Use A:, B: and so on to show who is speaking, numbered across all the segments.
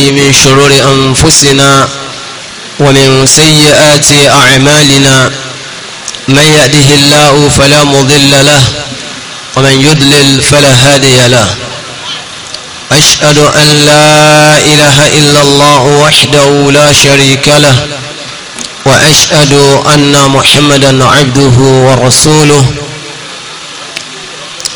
A: من شرور أنفسنا ومن سيئات أعمالنا من يأده الله فلا مضل له ومن يدلل فلا هادي له أشهد أن لا إله إلا الله وحده لا شريك له وأشهد أن محمدا عبده ورسوله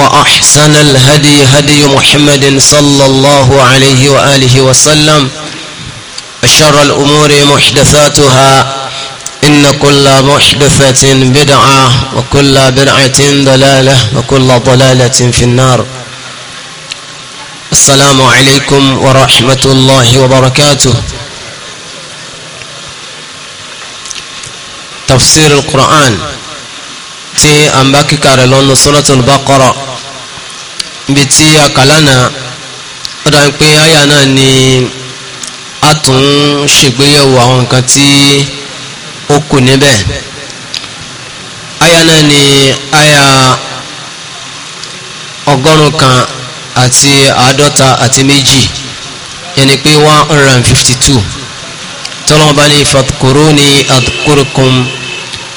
A: وأحسن الهدي هدي محمد صلى الله عليه وآله وسلم أشر الأمور محدثاتها إن كل محدثة بدعة وكل بدعة ضلالة وكل ضلالة في النار السلام عليكم ورحمة الله وبركاته تفسير القرآن تي أنباكي كارلون سورة البقرة níbi tí a kà lánàá ó dá pé àyà náà ni a tún ṣègbéyẹ̀wò àwọn nǹkan tí ó kù níbẹ̀ àyà náà ni àyà ọgọ́rùn-ún kan àti àádọ́ta àti méjì yẹni pé one hundred and fifty two tọ́lọ́mọ bá ní fàkúrú ní àkúrúkùn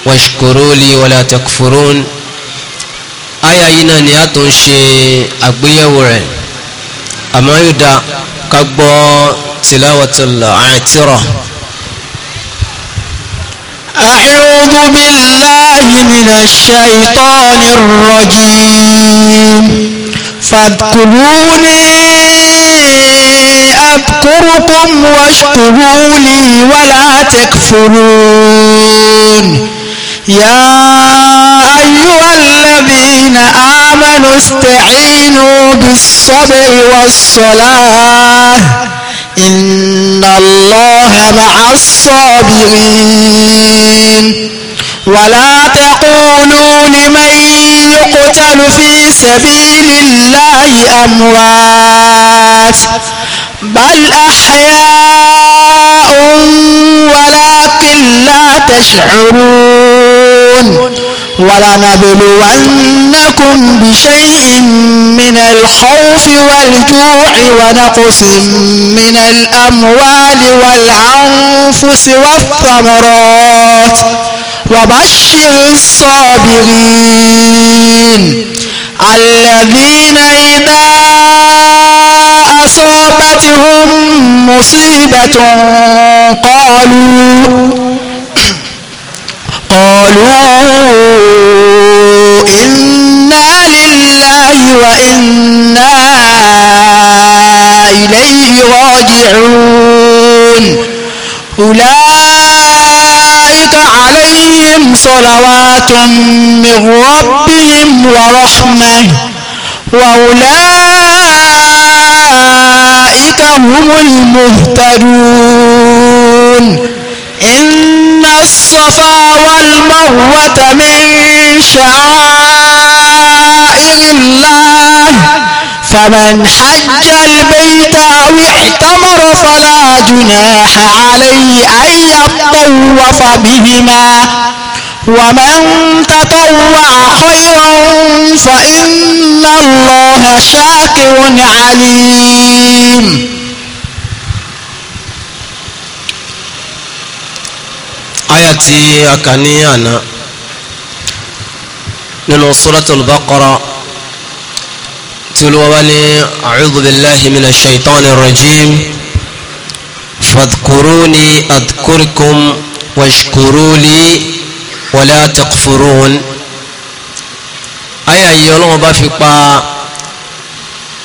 A: wàṣkúrú lè wàlá takfurún aya yìí náà ni a tún ṣe àgbéyẹ̀wò rẹ̀ àmọ́ yóò da ká gbọ́ tilawatul atira. أعوذ
B: بالله من الشيطان الرجيم فاذكروني أذكركم واشكروا لي ولا تكفرون يا أيها الذين آمنوا استعينوا بالصبر والصلاة إن الله مع الصابرين
A: ولا تقولوا لمن يقتل في سبيل
B: الله أموات بل أحياء ولكن لا تشعرون ولنبلونكم بشيء من الخوف والجوع ونقص من الأموال والأنفس والثمرات وبشر الصابرين الذين إذا أصابتهم مصيبة قالوا قالوا إنا لله وإنا إليه راجعون أولئك عليهم صلوات من ربهم ورحمة وأولئك هم المهتدون الصفا والمروة من شعائر الله فمن حج البيت أو اعتمر فلا جناح عليه أن يطوف بهما ومن تطوع خيرا فإن الله شاكر عليم
A: aya tí a kà ní àná nínú suratul baqara tí olúwa bá ní a'udhu billahi minash shaitanir rajim fadkuruni adkurkum washkuruli wala takfurun aya yìí ọlọ́wọ́ bá fi pa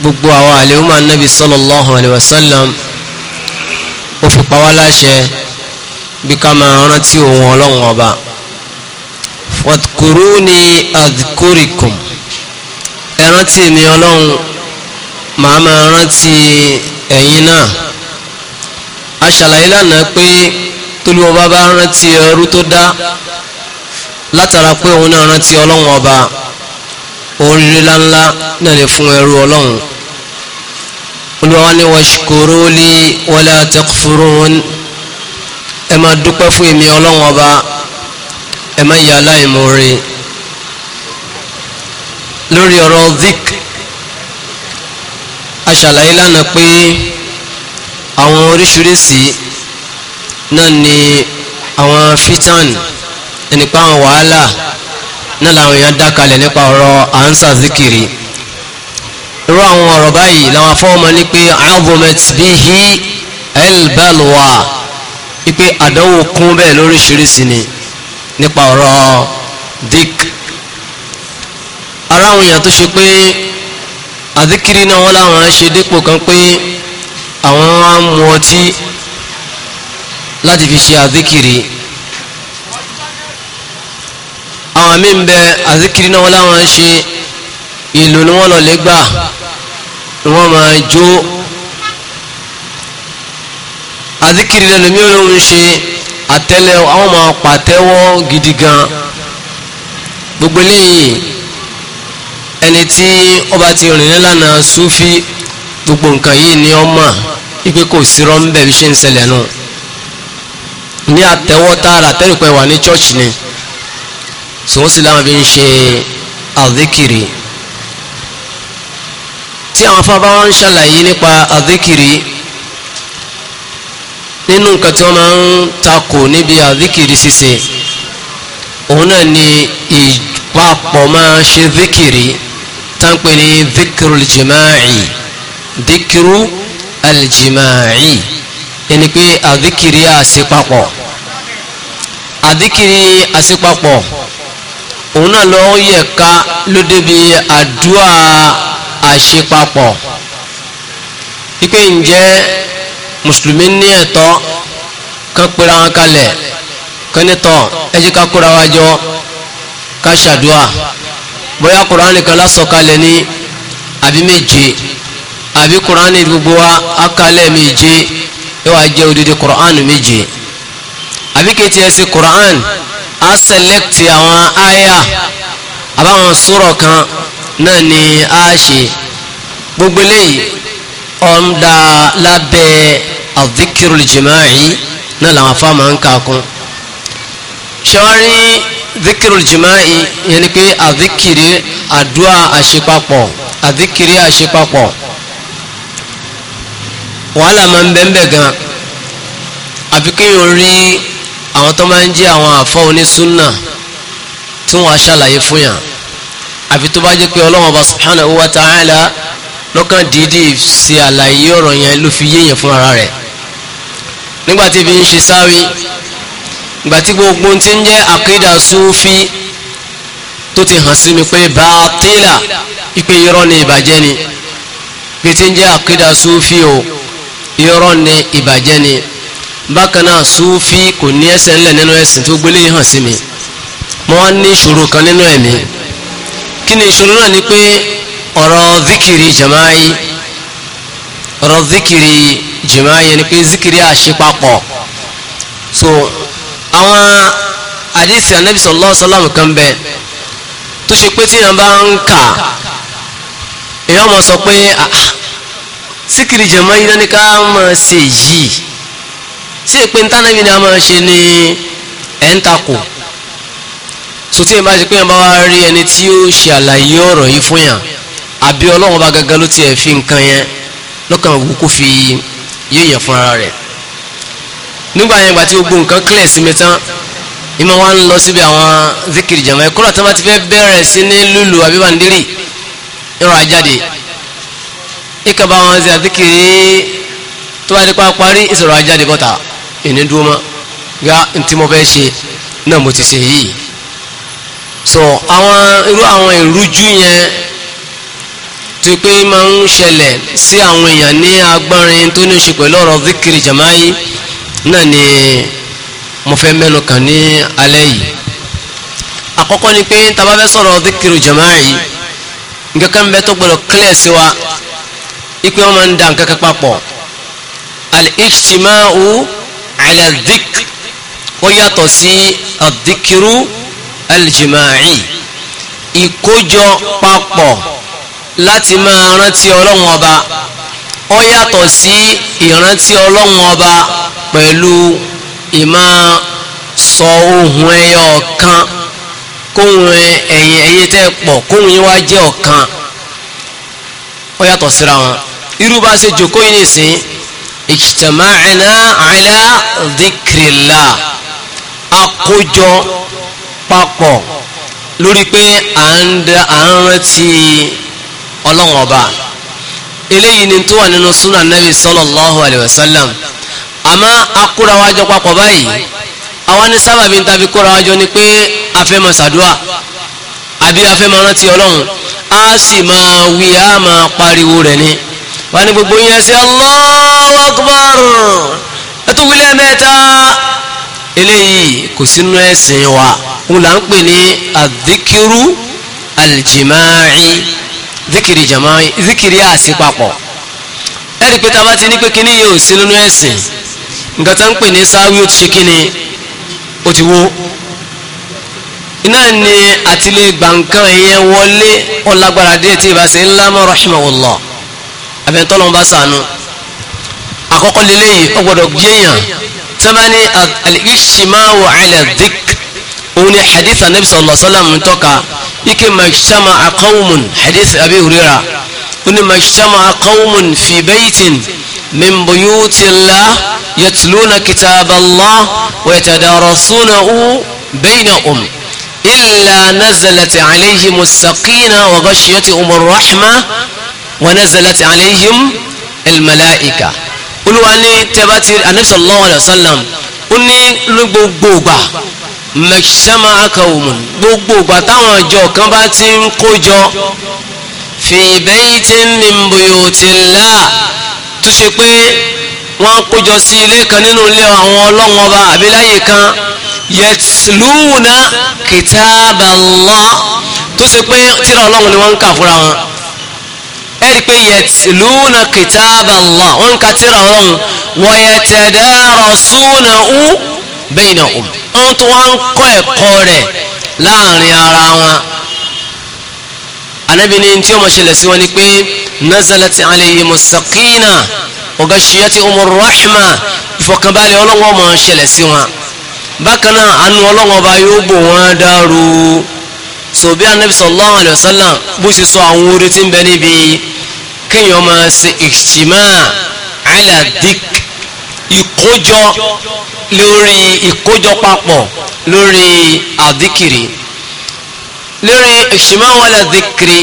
A: gbogbo àwọn àlèhùn ànábì sallallahu alayhi ó fi pa wá láṣẹ bí ká máa rántí ohun ọlọ́run ọba wadkuruni adhkurikum ẹ rántí mi ọlọ́run màá máa rántí ẹ̀yin náà a ṣàlàyé lánàá pé tolúwọ́ bá bá rántí ẹrú tó dá látara pé òun náà rántí ọlọ́run ọba oríire láńlá náà lè fún ẹrú ọlọ́run olúwa ni washkuruli wala takfurun ẹ máa dúpẹ́ fún èmi ọlọ́run ọba ẹ máa yà aláìmoore lórí ọ̀rọ̀ zik a ṣàlàyé lánàá pé àwọn oríṣiríṣi náà ni àwọn fitan nípa àwọn wàhálà náà làwọn èèyàn dákalẹ̀ nípa ọ̀rọ̀ ansa zikiri irú àwọn ọ̀rọ̀ báyìí làwọn afọ́wọ́mọ ní pé azumat bihi albalwa ipe àdánwò kún bẹ́ẹ̀ lóríṣiríṣi ni nípa ọ̀rọ̀ dik ara àwọn èèyàn tó ṣe pé àdíkiri náà wọ́n láwọn ṣe dípò kan pé àwọn á mu ọtí láti fi ṣe àdíkiri àwọn míì ń bẹ àdíkiri náà wọ́n láwọn ṣe ìlú ni wọ́n lọ lè gbà ni wọ́n máa jó. adikiri lẹ́nu mi ló ń ṣe àtẹ́lẹ àwọn máa pàtẹ́wọ́ gidi gan gbogbo eléyìí ẹni tí ọba ti rìn nílànà sufi gbogbo nǹkan yìí ni ó ipe kò sí rọ́ńbẹ́ bí ṣe ń ṣẹlẹ̀ nù ní àtẹ́wọ́ tààrà tẹ́lẹ̀pẹ́ wà ní ni sòwò sí láwọn fi ń ṣe àzikiri tí àwọn afábáwọn ń ṣàlàyé nípa nínú nǹkan tí wọ́n máa ń takò níbi àdíkìrì ṣíṣe òun náà ni ìpapọ̀ máa ṣe díkìrì táǹpẹ̀ ní díkìrù aljima'i díkìrù aljima'i ẹni pé àdíkìrì àṣepapọ̀ àdíkìrì àṣepapọ̀ òun náà lọ yẹ ká ló débi àdúrà àṣepapọ̀ wípé ǹjẹ́ mùsùlùmí ní ẹ̀tọ́ kan pera wọn kalẹ̀ kan nítọ̀ ẹ jẹ́ ká kóra wa jọ ká ṣàdúà bóyá kùránì kan lásọ̀kalẹ̀ ní àbí méje àbí kùránì gbogbo wa akalẹ̀ méje yóò wá jẹ́ odidi kùránì méje àbí kìtì ẹ̀sìn kùránì a sẹlẹ̀kìtì àwọn àyà àbáwọn sùrọ̀ kan náà ni a ṣe gbogbo eléyìí ọ̀ndà lábẹ́ àdìkìrìl jìmáàì náà làwọn afá máa ń kà kún ṣọ́rí àdìkìrìl jìmáàì yẹn ni adua àdìkìrì àdúrà àṣepapọ̀ àdìkìrì àṣepapọ̀ wàhálà máa ń bẹ́ẹ̀ bẹ́ẹ̀ gan àfi kéèyàn rí àwọn tó máa ń jẹ́ àwọn àfọ́ onísúnà tí wọ́n á fún yàn àfi tó bá jẹ́ pé ọlọ́wọ́n ọba subhanahu wa ta'ala lọ́kàn dídì ṣe àlàyé ọ̀rọ̀ yẹn ló fi yéèyàn fún ara rẹ̀ nígbàtí fi ń ṣe sáwí nígbàtí gbogbo ti ń jẹ́ àkídà súfí tó ti hàn sí mi pé bàtílà ipe irọ́ ni ìbàjẹ́ ni pé ti ń jẹ́ àkídà súfí o irọ́ ni ìbàjẹ́ ni bákan náà súfí kò ní ẹsẹ̀ ńlẹ̀ nínú ẹ̀sìn tó gbélé hàn sí mi mo wá ní ìṣòro kan nínú ẹ̀mí kí ni ìṣòro náà ni pé ọ̀rọ̀ zikiri jama'i ọ̀rọ̀ zikiri jama'i yẹn ni pé zikiri àṣepapọ̀ so àwọn àdìsí anabi sallallahu alaihi wasallam kan bẹ tó ṣe pé tíyàn bá ń kà èèyàn mọ sọ pé zikiri jama'i náà ni ká máa ṣe yìí tí èpè ń tánàbí ni a máa ṣe ni ẹ̀ ń takò so tí bá ṣe pé èèyàn bá wá rí ẹni tí ó ṣe àlàyé ọ̀rọ̀ yìí fún yàn àbí ọlọ́run bá gangan ló tiẹ̀ fi nǹkan yẹn lọ́kàn wò kó fi yéèyàn fún ara rẹ̀ nígbà yẹn gbà tí gbogbo nǹkan clear sí mi tán ìmọ̀ wa ń lọ síbi àwọn zikiri jama ẹ̀ kúrò tí wọ́n ti fẹ́ bẹ̀rẹ̀ sí ní lulu àbí bàndírì ìrọ̀ àjáde ìkàbà wọn ṣe àzikiri tó bá nípa parí ìsọ̀rọ̀ àjáde bọ́ta ìní dúró mọ́ gá ntí mo fẹ́ ṣe náà mo ti ṣe yìí so àwọn irú àwọn ìrújú yẹn ṣe pé máa ń ṣẹlẹ̀ sí àwọn èèyàn ní agbọ́nrin tó ní ṣe pẹ̀lú zikiri jama'i náà ni mo fẹ́ mẹ́nu kàn ní alẹ́ yìí àkọ́kọ́ ni pé tá bá fẹ́ sọ̀rọ̀ zikiri jama'i nǹkan kan bẹ tó gbọdọ̀ clear sí wa ipe wọn máa ń da nǹkan papọ̀ al-ijtima'u ala wọ́n yàtọ̀ sí adikiru al-jima'i ìkójọ papọ̀ láti máa rántí ọlọ́run ọba ó yàtọ̀ sí ìrántí ọlọ́run ọba pẹ̀lú ìmọ̀ sọ ohun ẹyọ ọ̀kan kóhun ẹ̀yìn ẹ̀yìn tẹ́ pọ̀ kóhun yín wá jẹ́ ọ̀kan ó yàtọ̀ síra wọn irú bá ṣe jòkó yìí nìsín ijtama'na ala dhikrillah akójọ papọ̀ lórí pé à ń rántí ọlọ́run ọba eléyìí ni tó wà nínú súnà nabi sallallahu alayhi wa sallam àmọ́ akóra wa jọ papọ̀ báyìí àwa ní sábàbí ń tàbí kóra wa jọ ni pé afẹ́mọ̀ sàdúà àbí afẹ́mọ̀ rántí ọlọ́run a sì máa wí a máa pariwo rẹ̀ ni wà ní gbogbo yẹn sí Allahu akbar ẹtú wílẹ̀ mẹ́ta eléyìí kò sínú ẹ̀sìn wa òun là ń pè ní àdìkírú alìjìmáàrí zikiri jama zikiri àsìpapọ̀ ẹ̀rí pé tábà ti ní pé kíní yóò sí nínú ẹ̀sìn nǹkan tó ń pè ní sáwí ó ti ṣe kíni ó ti wó iná ni àti lè gbà nǹkan ìyẹn wọlé ọlágbára díẹ̀ tí ìbá ṣe ńlá mọ́ rahimahullah abẹ́ntọ́lọ́n bá sànú àkọ́kọ́ lélẹ́yìí ó gbọ́dọ̀ gbéyàn tábà ní al òun ni hadith anabi sallallahu alaihi wasallam tọ́ka يكي ما اجتمع قوم حديث أبي هريرة إن ما اجتمع قوم في بيت من بيوت الله يتلون كتاب الله ويتدارسونه بينهم إلا نزلت عليهم السقينة وغشيتهم الرحمة ونزلت عليهم الملائكة قلوا أني تباتي النبي صلى الله عليه وسلم أني لبوبوبا mẹ̀sẹ́mà akọ̀wòmùn gbogbo ìgbà táwọn ọjọ́ kan bá ti ń kójọ fi baytin min buyutillah tó ṣe pé wọ́n kójọ sí ilé kan nínú ilé àwọn ọlọ́wọ́n ọba àbíláyè kan yatluna kitaballah tó ṣe pé tíra ọlọ́wọ́n ni wọ́n ń kà fúnra wọn ẹ̀rí pé yatluna kitaballah wọ́n ń ka tíra ọlọ́wọ́n wa yatadarasunahu bainahum wọ́n tún wá ń kọ́ ẹ̀kọ́ rẹ̀ láàrin ara wọn anabi ni tí ó mọ̀ ṣẹlẹ̀ sí wọn ni pé nazalati alayhim as-sakina ogashiyati umur rahma ìfọ̀kànbalẹ̀ ọlọ́wọ́ mọ̀ ṣẹlẹ̀ sí wọn bákan náà àánú ọlọ́wọ́ bá yóò bò wọ́n dàrú so bí anabi sallallahu alayhi wa sallam bó ṣe sọ àwọn orí tí ń bẹ níbi kéèyàn máa ṣe ijtima ala ìkójọ lórí ìkójọ papọ̀ lórí àdìkìrì lórí ìṣìmáwò àdìkìrì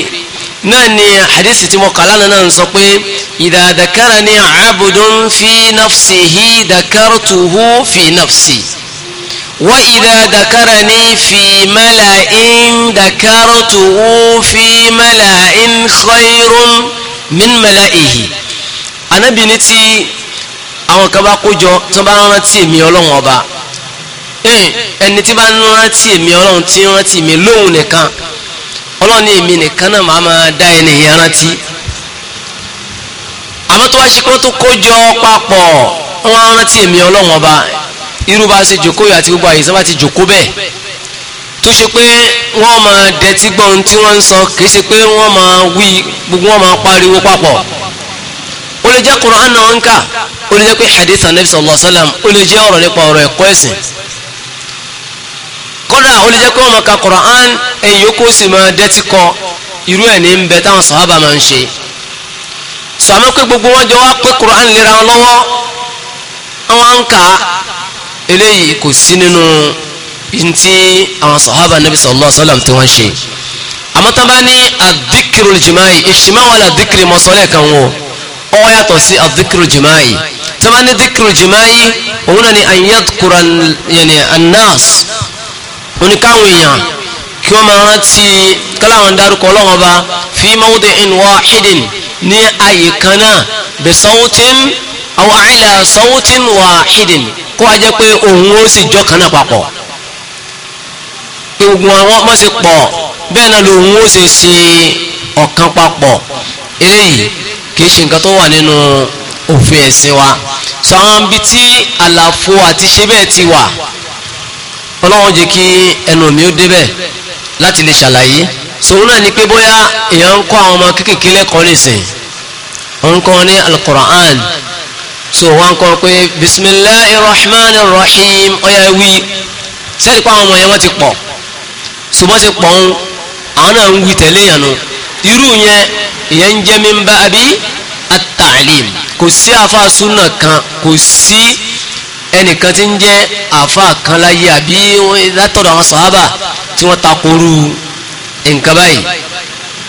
A: náà ni hadisi tí mo kà lánàá náà ń sọ pé idha dhakarani abdun fi nafsihi dhakartuhu fi nafsi wa idha dhakarani fi mala'in dhakartuhu fi mala'in khayrun min mala'ihi anábìnrin ti àwọn kan bá kójọ tí wọ́n bá rántí èmi ọlọ́run ọba ẹni tí bá rántí èmi ọlọ́run tí ń rántí mi lóhùn nìkan ọlọ́run ní èmi nìkan náà máa máa dá ẹni yẹn rántí àmọ́ tó wá ṣe kí wọ́n tó kójọ papọ̀ wọ́n rántí èmi ọlọ́run ọba irú bá ṣe jòkó àti gbogbo àyè sábà ti jòkó bẹ́ẹ̀ tó ṣe pé wọ́n máa dẹ́tí gbọ́n tí wọ́n ń sọ kì í ṣe pé wọ́n máa wí gbogbo wọ́n máa pariwo papọ̀ ó lè jẹ́ Qur'an na ń kà ó lè jẹ́ pé hadith anabi sallallahu alayhi wa sallam ó lè jẹ́ ọ̀rọ̀ nípa ọ̀rọ̀ ẹ̀kọ́ ẹ̀sìn kódà ó lè jẹ́ pé ọmọ ka Qur'an ẹ̀yìn yòókù sì máa dẹ́tí kọ irú ẹ̀ ní ń bẹ táwọn sàhábà máa ń ṣe sàmọ́ pé gbogbo wọn jọ wá pé Qur'an lera wọn lọ́wọ́ àwọn ń kà eléyìí kò sí nínú ntí àwọn sàhábà anabi sallallahu alayhi wa sallam tí wọ́n ṣe àmọ́ tán bá ní adikirul adikiri mọ́sọ́lẹ̀ kan wọ́n ọ yàtọ̀ sí adhikiru jimaayi tó bá ní dhikiru jimaayi òun náà ni anyadkura yẹni anas oníkàwọn èèyàn kí wọ́n máa rántí káláwọn dárúkọ ọlọ́wọ́n bá fi mawdi'in wahidin ní ààyè kan náà bi sawtin aw ala sawtin wahidin kó a jẹ́ pé òun ó sì jọ́ kan náà papọ̀ ogun àwọn ọmọ sì pọ̀ bẹ́ẹ̀ náà lòun ó sì ṣe ọ̀kan papọ̀ eléyìí kìí ṣe nǹkan tó wà nínú òfin ẹ̀sìn wa sọ àwọn ibi tí àlàfo àti ṣe bẹ́ẹ̀ ti wà ọlọ́wọ́n jẹ́ kí ẹnu mi ó débẹ̀ láti lè ṣàlàyé sòun náà ni pé bóyá èèyàn ń kọ́ àwọn ọmọ kéékèèké lẹ́kọ̀ọ́ nìsín ń kọ́ ní alukur'an so wọ́n kọ́ pé bisimilahi rahman rahim ọ̀yà wí sẹ́ẹ̀dì pa àwọn ọmọ yẹn wọ́n ti pọ̀ ṣùgbọ́n ti pọ̀ ń àwọn náà ń wí tẹ̀lé yẹn nù irú yẹn ìyẹn ń jẹ́ mímba àbí at-ta'lim kò sí àfa súnà kan kò sí ẹnìkan tí ń jẹ́ àfa kan láyé àbí látọ̀dọ̀ àwọn sàhábà tí wọ́n takoru nǹkan báyìí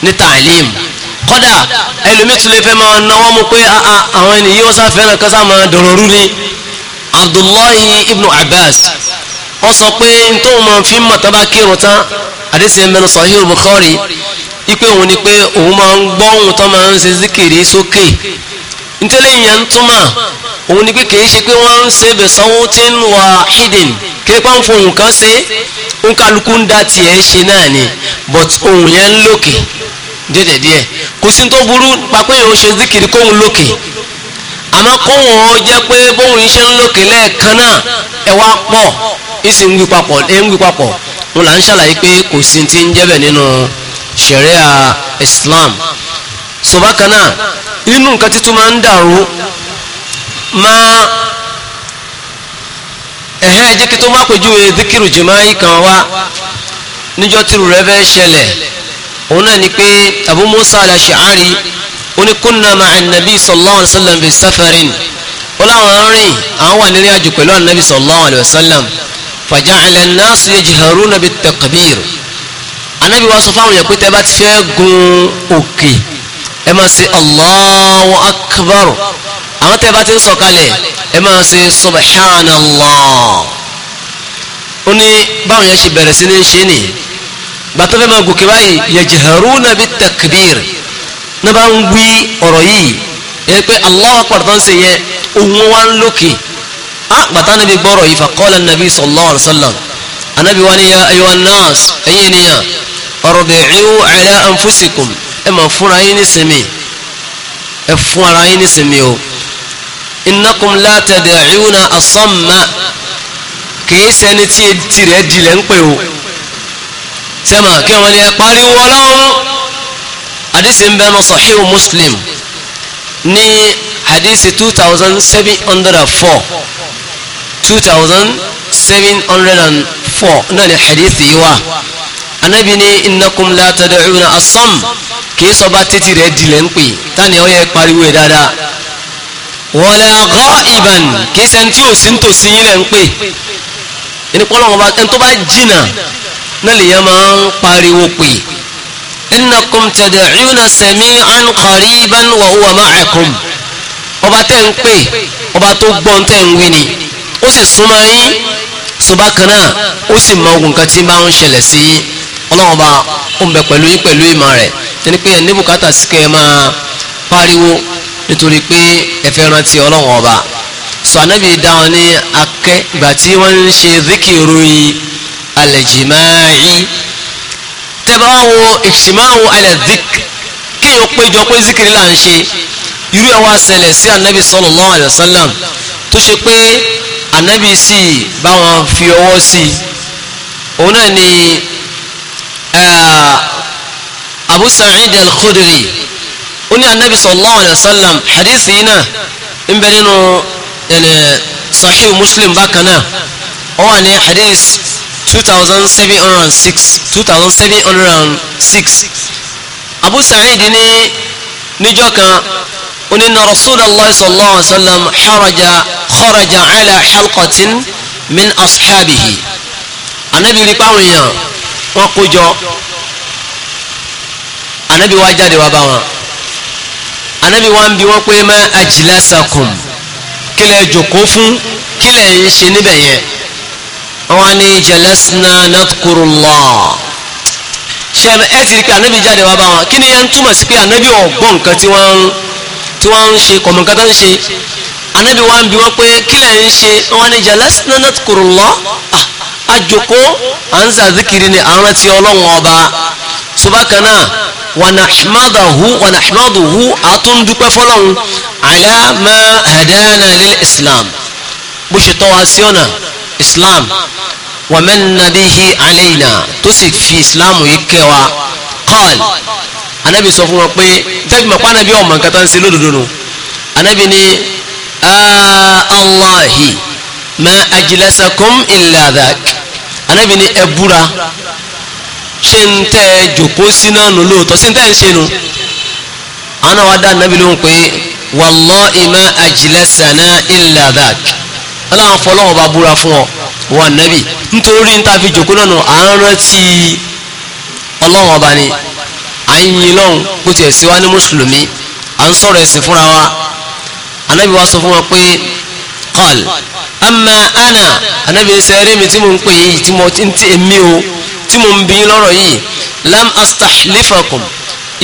A: ní ta'lim kọ́dà ẹlòmítúlẹ̀ fẹ́ máa náwọ́ mú pé àwọn ènìyàn wọ́n sáfẹ́ràn kan sáà máa dọ̀rọ̀rú ni Abdullahi ibn Abbas wọ́n sọ pé n tó máa fi mọ̀ tán bá kírun tán àdéhùn ẹ̀mẹ́nu Sahih Bukhari ipe òun ni pé òun máa ń gbọ́ ohun tó máa ń se zikiri sókè nítorí ìyẹn ń túmọ̀ òun ni pé kìí ṣe pé wọ́n ń bẹ̀sánwó tí ń wà hidden kìí pa fún ohun kan ṣe ń kálukú ń dá tiẹ̀ ṣe náà ni but ohun yẹn ń díẹ̀díẹ̀ kò sí zikiri kóhun lókè àmọ́ kóhun ọ jẹ́ pé bóhun iṣẹ́ ń lókè lẹ́ẹ̀kan náà ẹ wá pọ̀ ìsìn ń ṣẹ̀ríà islam sọ̀bákaná inú nǹkan títún máa ń dàrú máa ẹ̀hẹ́ jẹ́ kí tó má pèjúwe díkìrù jìmáì kan wá níjọ́ tìrù rẹ̀ fẹ́ ṣẹlẹ̀ òun náà ni pé Abu Musa al-Ash'ari ó ní kunna ma'a an-nabi sallallahu alayhi wa bi safarin ó láwọn rìn àwọn wà nílé àjò pẹ̀lú anabi sallallahu alayhi wa sallam fa ja'ala an-nas yajharuna bit-takbir anabi wa sọ fáwọn èèyàn pé tẹ́ bá ti fẹ́ gun òkè ẹ máa ṣe allahu akbar àwọn tẹ́ bá ti ń sọ̀kalẹ̀ ẹ máa ṣe subhanallah ó ní báwọn yẹn ṣe bẹ̀rẹ̀ sí ní ṣe ni bàtà fẹ́ máa gòkè báyìí yajharuna bit takbir náà bá ń wí ọ̀rọ̀ yìí yẹn pé allahu akbar tó ń ṣe yẹn òun wá ń lókè á ah, bàtà níbi gbọ́rọ̀ yìí fa qala an-nabi sallallahu anabi wa ni ya ayyuhan nas ẹ̀yìn ènìyàn ọ̀rọ̀bẹ̀ẹ́wò ala anfusikum ẹ máa fúnra yín nísìmí ẹ fún ara yín nísìmí o innakum la tad'una asamma kìí sẹni tí etí rẹ̀ dilẹ̀ ń pè o sẹ́mà kí wọ́n lè pariwo ọlọ́run hadisi ń bẹ́ẹ̀ nù sahihu muslim ní hadisi two thousand seven hundred and four two thousand seven hundred and four náà ni hadisi yìí wà anabi ní innakum la tad'una asam kìí sọba títí rẹ̀ dilẹ̀ ń pè tani ó yẹ pariwo ẹ̀ dáadáa wala ghaiban kìí sẹ́ni tí ò sí ń tòsí yín lẹ̀ ń pè ẹni pọ́lọ́ wọn bá ẹni tó bá jìnà náà lèyàn máa ń pariwo wa huwa ma'akum ọba tẹ́ ń pè ọba tó gbọ́n tẹ́ ń wí ni ó sì súnmọ́ yín ṣùgbọ́n kan náà ó sì mọ ogun kan tí máa ń ọlọ́run bá ń bẹ pẹ̀lú yín pẹ̀lú ìmọ̀ rẹ̀ tẹni pé ẹni bùkátà sí kẹ́ ẹ máa pariwo nítorí pé ẹ fẹ́ rántí ọlọ́run ọba sọ anábì dáhùn ní akẹ́ ìgbà tí wọ́n ń ṣe zikiru alẹ́jìmáì tẹ́bà wo ìṣìmáwò alẹ́zik kí o péjọ pé zikiri là ń ṣe irú ẹ̀ wá ṣẹlẹ̀ sí anábì sallallahu alaihi wasallam tó ṣe pé anábì sì bá fi ọwọ́ sí òun náà ni abu sa'id al-khudri ó ní anabi sallallahu alayhi wa sallam hadith yìí náà ń bẹ nínú ẹni sahih muslim bákan náà ó wà ní hadith two thousand seven hundred and six two thousand seven hundred and six abu sa'id ní níjọ́ kan onína rasulallah sallallahu alaihi wasallam xaraja xaraja cala xalqatin min asxaabihi anabi rí pàwọn èèyàn wọn kó anabi wa jáde wa bá wọn anabi wa ń bi wọn pé má ajlasakum kílẹ̀ jòkó fún kílẹ̀ ń ṣe níbẹ̀ yẹn wọn ni jalasna nadkurullah ṣe ẹ ti rí pé anabi jáde wa bá wọn kí ni yẹn túmọ̀ sí pé anabi ọ̀gbọ́n nǹkan tí wọ́n tí wọ́n ń ṣe kọ̀mọ̀ ń ṣe anabi wa ń bi wọn pé kílẹ̀ ń ṣe wọn ni jalasna nadkurullah àjòkó ah, à ń zàzíkiri ni à ń rántí ọba subakana wànàḥmádàhù wànàḥmádùhù àtúndúpẹ́ fọ́lọ́run àlàmà àdáná lílẹ̀ islam bó ṣe tọ́ wa sí ọ̀nà islam wàmẹ́nàbíhì àlẹ́yìnà tó sì fi islam yìí kẹwa kọ́ọ̀l anábì sọ fún wọn pé tẹ́bí mọ̀ pánábì ọmọ nǹkan tó ń ṣe lódodo nù anábì ní allahi ma ajlasakum illa dhak anábì ní ẹ búra ṣé ń tẹ́ ẹ jòkó sí náà nù lóòótọ́ ṣé ń tẹ́ ẹ ń ṣe nu. àwọn náà wá dá nàbí ló ń pè é wallahi ma ajlasana illa dhak aláwọn fọlọ́wọ́n bá búra fún ọ wà nàbí nítorí ń tàbí jòkó náà nù à ń rántí ọlọ́wọ́n bá ní à ń yin lọ́hùn kó tiẹ̀ sí wa ní mùsùlùmí à ń sọ̀rọ̀ ẹ̀sìn fúnra wa anábì wa sọ fún wa pé qal amma ana anábì ń sẹ́rí mi tí mo ń pè yìí tí mo ti ń tì èmi o tí mo ń bí lọ́rọ̀ yìí lam astahlifakum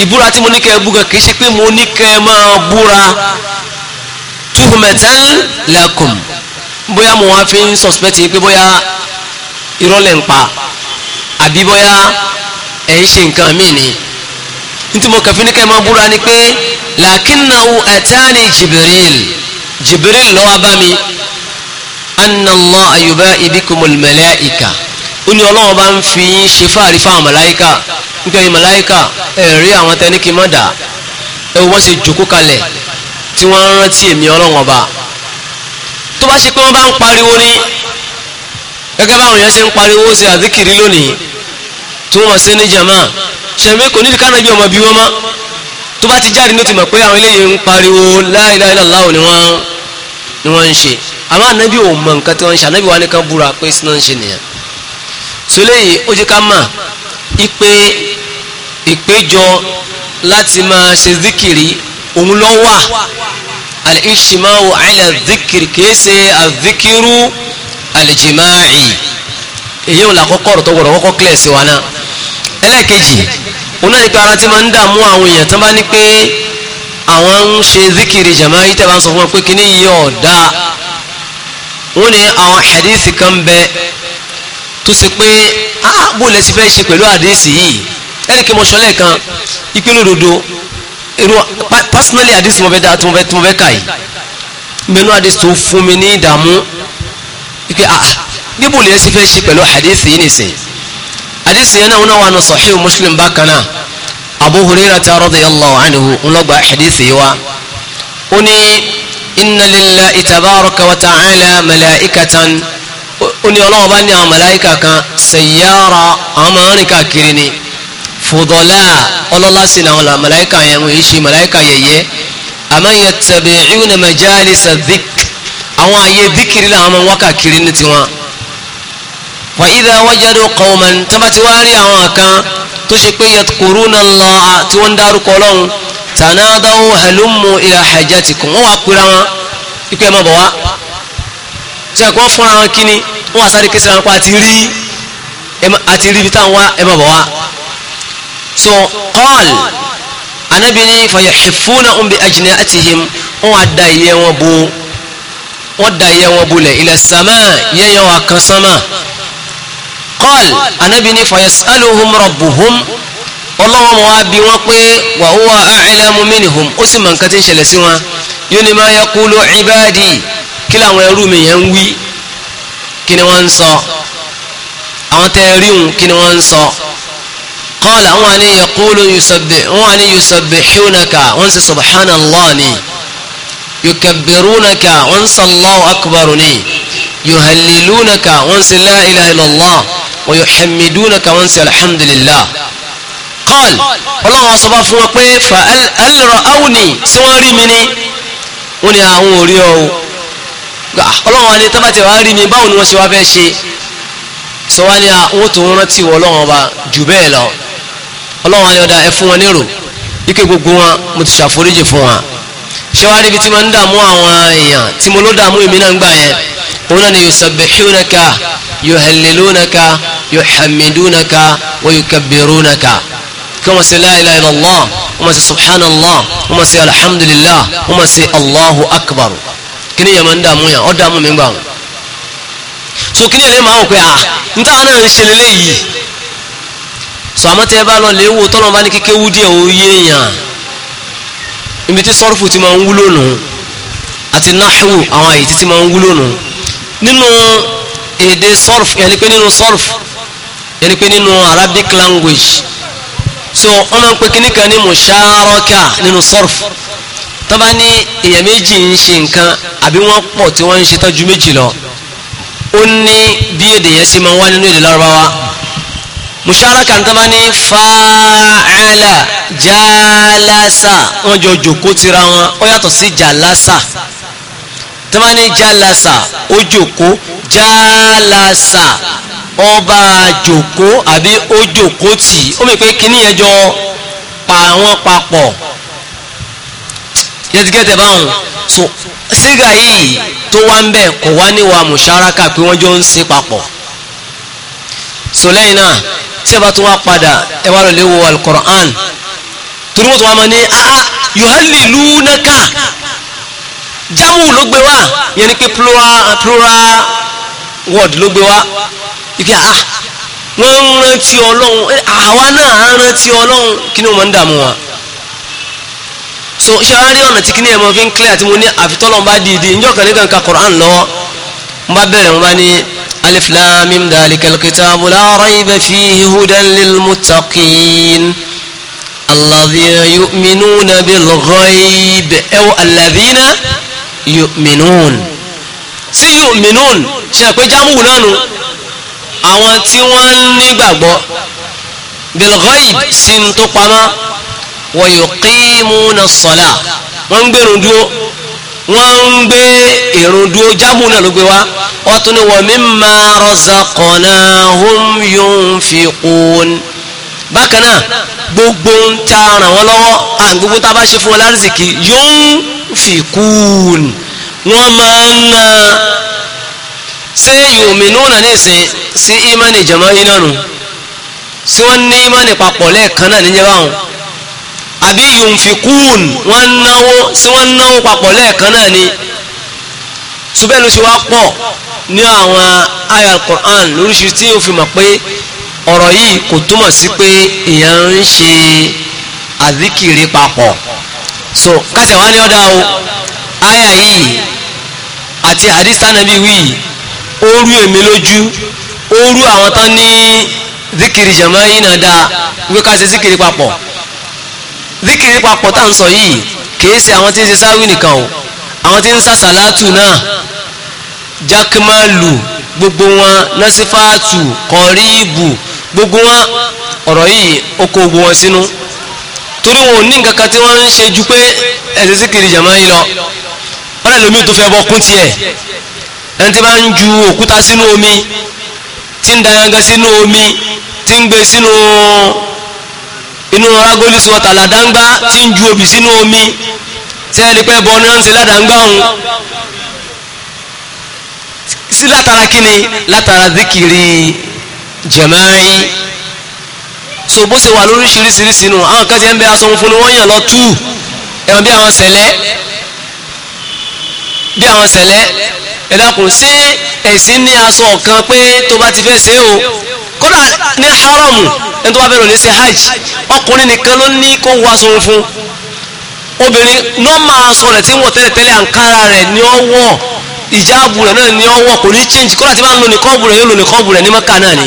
A: ìbúra tí mo ní kẹ́ búra kìí ṣe pé mo ní kẹ́ máa búra tuhumatan lakum bóyá mo wá fi ń suspect yìí pé bóyá irọ́ lẹ̀ ń pa àbí bóyá ẹ̀ ń ṣe nǹkan mí ni nítorí mo kàn ní kẹ́ máa búra ni pé lakinnahu atani jibril jibril ló bá mi anna Allah yuba'i bikumul malaika ó ní ọlọ́wọ́n bá ń fi yín ṣe fáàrí fáwọn màláíkà nípa ẹ̀yin màláíkà ẹ̀rí àwọn tẹnikì mọ́dà ẹ wọ́n ṣe jòkó kalẹ̀ tí wọ́n ń rántí èmi ọlọ́wọ́n bá tó bá ṣe pé wọ́n bá ń pariwo ní gẹ́gẹ́ báwọn yẹn ṣe ń pariwo ṣe àdíkìrí lónìí tí wọ́n ṣe ní jama ṣẹ̀mí kò nídìí kánà bí ọmọ bí wọ́n mọ́ tó bá ti jáde ní ti pé àwọn eléyìí ń pariwo la ilaha illallah ni wọ́n ń ṣe àmọ́ ànábì ò mọ̀ nǹkan tí wọ́n ń ṣe sọléyìí ó jẹ́ ká mọ̀ ìpè ìpéjọ láti máa ṣe zikiri òun lọ wà al-ishtima'u zikiri kìí ṣe azikiru al-jima'i èyí ò làkọ́kọ́ ọ̀rọ̀ tó kọ́kọ́ kílẹ̀ sí wa náà ẹlẹ́ẹ̀kejì òun náà ní pé ara ti máa ń dààmú àwọn èèyàn tó bá ní pé àwọn ń ṣe zikiri jama'i yìí tẹ́ bá ń sọ fún wọn pé kíní yìí ọ̀ dáa wọ́n ní àwọn hadith kan bẹ́ẹ̀ tó ṣe pé ah bó lẹ ṣe fẹ́ ṣe pẹ̀lú àdéhìsì yìí ẹni kí mo sọ lẹ́ẹ̀kan ìpínlẹ̀ òdodo èrò personally àdéhìsì mo fẹ́ dáa tí mo fẹ́ tí mo fẹ́ kà yìí mẹnu àdéhìsì tó fún mi ní ìdààmú ìpè ah níbo ah, lẹ ṣe fẹ́ ṣe pẹ̀lú àdéhìsì yìí nìsín àdéhìsì yẹn náà wà nù Sahih Muslim bákan náà Abu Hurairah radiyallahu anhu ńlọgba àdéhìsì yìí wa ó ní inna lillahi tabaraka wa ta'ala malaikatan ó ní ọlọ́wọ́ bá ní àwọn màláíkà kan sayyara àwọn máa ń rìn káàkiri ni fudala ọlọ́lá sí làwọn màláíkà yẹn wọ́n yìí ṣe màláíkà yẹyẹ àmọ́ yattabi'una majalisa dhikr àwọn àyè dhikiri làwọn máa ń káàkiri ní tiwọn. wa idha wajadu qawman tọ́ba ti wá rí àwọn kan tó ṣe pé yadhkuruna Allaha tí wọ́n àsáré kí síra nípa àti rí ibi táwọn wá ẹ má bọ̀ wá so qal anabi ni fayahifuna um bi ajnatihim wọ́n ada iye wọn bo wọ́n da iye wọn bolẹ̀ ila sama yẹyẹ wa kan sama qal anabi ni fayasaluhum rabbuhum ọlọ́wọ́n wa bi wọn pé wa huwa a'lamu minhum ó sì mọ nǹkan tí ń ṣẹlẹ̀ sí wọn yóò ní ma yaqulu ibadi kí làwọn ẹrú mi yẹn ń wí kí ni wọ́n ń sọ àwọn tẹ́ rí òun kí ni wọ́n ń sọ kọ́ọ̀lù àwọn àni yaqulu yusabbih wọ́n àni yusabbihunaka wọ́n sì subhanallah ni yukabbirunaka wọ́n sì Allahu akbar ni yuhallilunaka wọ́n sì la ilaha illallah wa yuhammidunaka sì alhamdulillah kọ́ọ̀lù ọlọ́wọ́n sọ bá fún wọn pé fa alra awni sí wọ́n rí mi ni wọ́n ni àwọn ò rí ọlọ́run wa ni tó bá ti wá rí mi báwo ni wọ́n ṣe wá fẹ́ ṣe sọ wá ní àwọn tó ń rántí wọ ọlọ́run ọba jù bẹ́ẹ̀ lọ ọlọ́run wa ni ọ̀dà ẹ fún wọn nírò ike gbogbo wọn mo ti ṣàforíjì fún wọn ṣé wàá níbi tí mo ń dààmú àwọn èèyàn tí mo ló dààmú èmi náà ń gbà yẹn òun náà ni yusabbihunaka yuhallilunaka yuhamidunaka wa yukabbirunaka kí wọ́n ṣe la ilaha wọ́n ṣe subhanallah wọ́n ṣe alhamdulillah wọ́n ṣe allahu akbar kíní yẹn máa ń dààmú yàn ọ́ dààmú mi gbà wọn. so kíní yẹn lè máa wọ̀ pé à ń náà ń ṣe lélẹ́yìí so àmọ́ tẹ́ ẹ bá lọ lè wo tọ́lọ́ bá ní kéke wú díẹ̀ ó yé yàn ibi tí sọ́rùfù ti máa ń wúlò nù àti náhù àwọn àyè títí máa ń wúlò nù nínú èdè sọ́rùfù yẹn ni pé nínú sọ́rùfù yẹn ni pé nínú Arabic language so wọ́n máa ń pe kíní kan ní musharaka nínú sọ́rùfù tó bá ní èèyàn méjì ń ṣe nǹkan àbí wọ́n pọ̀ tí wọ́n ń ṣe tọ́jú méjì lọ ó ní bí èdè yẹn ṣe máa ń wá nínú èdè lárúbáwá musharaka tó bá ní fàálà jálásà wọ́n jọ jòkó tira wọn ó yàtọ̀ sí jálásà tó bá ní jálásà ó jòkó jálásà ọba jòkó àbí ó jòkó tì ó mẹ́ pé kíní yẹn jọ pa àwọn papọ̀ yẹn ti gẹ́tẹ̀ báwọn so sígà yìí tó wá ń bẹ̀ kò wá níwà mùsáraka pé wọ́n jọ ń ṣe papọ̀ so lẹ́yìn náà tí ẹ bá tún wá padà ẹ wá lọ lè alukoran torí wọ́n tún wá mọ́ ní aa yuhallilunaka jamu ló gbé wá yẹn ni pé plural plural word ló gbé wá ike aa wọ́n ń rántí ọlọ́run àwa náà ń rántí ọlọ́run kí ni wọ́n máa ń dààmú wa so ṣe wá rí ọ̀nà tí kí ní ẹ̀mọ́ fi ń clear tí mo ní àfitọ́lọ́n bá dìídì ń jọ́kàn ní kankan Qur'an lọ́wọ́ ń bá bẹ̀rẹ̀ wọn bá ní alif lam mim dhalikal kitabu la rayba fihi hudan lil muttaqin alladhina yu'minuna bil ghaib aw alladhina yu'minun sí yu'minun ṣe pé jámù náà nu àwọn tí wọ́n nígbàgbọ́ bil ghaib tó pamọ́ wa yuqimuna as-salah wọ́n ń gbèrò dúró wọ́n ń gbé èrò dúró jámù náà ló gbé wá wọ́n tún ní wa mimma razaqnahum yunfiqun bákan náà gbogbo ń ta ràn wọ́n lọ́wọ́ àgbogbo tá a bá ṣe fún wọn lárìsìkì yunfiqun wọ́n máa ń na ṣé yu'minuna ní ìsìn sí ìmánì jama iná nù sí wọ́n ní ìmánì papọ̀ lẹ́ẹ̀kan náà níjẹ́ báwọn àbí yunfikun wọ́n náwó sí wọ́n náwó papọ̀ lẹ́ẹ̀kan náà ni ṣùgbẹ́nu sí wá pọ̀ ní àwọn aya al-Qur'an lóríṣiríṣi tí ó fi mọ̀ pé ọ̀rọ̀ yìí kò túmọ̀ sí pé èèyàn ń ṣe àzíkiri papọ̀ so káṣẹ̀ wá ní ọ̀dà o aya yìí àti hadith anabi wí ó rú èmi lójú ó rú àwọn tán ní zikiri jama náà dáa wípé ká ṣe zikiri papọ̀ zikiri papọ̀ tá ń sọ yìí kìí ṣe àwọn tí ń ṣe sáwì nìkan o àwọn tí ń sa sàlátù náà jákèmálù gbogbo wọn násífàtù kọ̀ríìbù gbogbo wọn ọ̀rọ̀ yìí ó kó gbogbo wọn sínú torí wọn ò ní nǹkan kan tí wọ́n ń ṣe ju pé ẹ̀sìn zikiri jàmá yìí lọ ọ̀rẹ́ lómi tó fẹ́ bọ́ kún tiẹ̀ ẹni tí bá ń ju òkúta sínú omi tí ń da yangan sínú omi tí ń gbé sínú. No inú agolisi wọn tàlàdáńgbá tí ń ju obì sínú omi tẹ́ ẹni pẹ́ bọ́ ní wọ́n ń ṣe ládàńgbá òun sí látara kíni látara zikiri jẹ̀máì so bó ṣe wà lóríṣiríṣiríṣi nù àwọn kan ti ẹ̀ ń bẹ aṣọ funfun ni wọ́n yàn lọ tú ẹ̀wọ̀n bí àwọn sẹ̀lẹ̀ bí àwọn sẹ̀lẹ̀ ẹ̀dàkùn sí ẹ̀sìn ní aṣọ kan pé tó bá ti fẹ́ ṣe o kódà ní haramu ẹni tó bá bẹ̀rẹ̀ ní ṣe hajj ọkùnrin nìkan ló ní kó wá sọ fún obìnrin náà máa sọ rẹ̀ tí wọ́n tẹ́lẹ̀ tẹ́lẹ̀ àǹkárá rẹ̀ ní ọwọ́ ìjáàbù rẹ̀ náà ní ọwọ́ kò ní change kódà tí bá ń lo nìkọ́ọ̀bù rẹ̀ yóò lo nìkọ́ọ̀bù rẹ̀ ní mọ́kà náà ni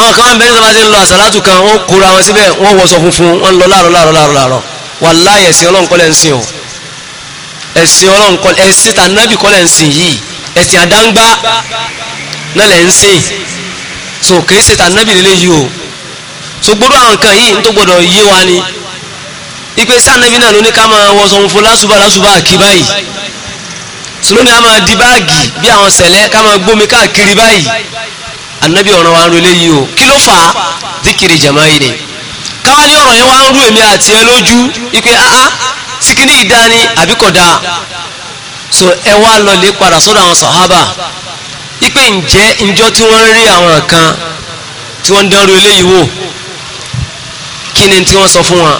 A: àwọn kan máa ń bẹ̀rẹ̀ sábà ti ń lọ àsàlátù kan wọ́n kóra wọn síbẹ̀ wọ́n wọṣọ funfun wọ́n ń lọ láàrọ̀ láàrọ̀ láàrọ̀ láàrọ̀ wàláyé ẹ̀sìn ọlọ́run kọ́lẹ̀ ń sìn o ẹ̀sìn ọlọ́run ẹ̀sìn tànàbì kọ́lẹ̀ ń sìn yìí ẹ̀sìn àdáńgbá náà lẹ́ ń sìn so kìí ṣe tà nábì lélẹ́ yìí o so gbọ́dọ̀ àwọn nǹkan yìí tó gbọ́dọ̀ yé wa ni ipe sí ànábì náà ló ní ká máa wọṣọ òun fún lásùbà lásùbà kì báyìí so lónìí a máa di báàgì bí àwọn sẹ̀lẹ̀ ká máa gbómi káàkiri báyìí ànábì ọ̀ràn wa ń ro eléyìí o kí ló fà á díkiri jàmáà yìí ni káwá ní ọ̀rọ̀ yẹn wá ń rú èmi àti ẹ lójú ipe áá sí kí ní ìdá so ẹ wá lọ lè padà sọ́dọ̀ àwọn sàhábà ipe ǹjẹ́ ìjọ tí wọ́n ń rí àwọn kan tí wọ́n ń eléyìí wò kí ni tí wọ́n sọ fún wọn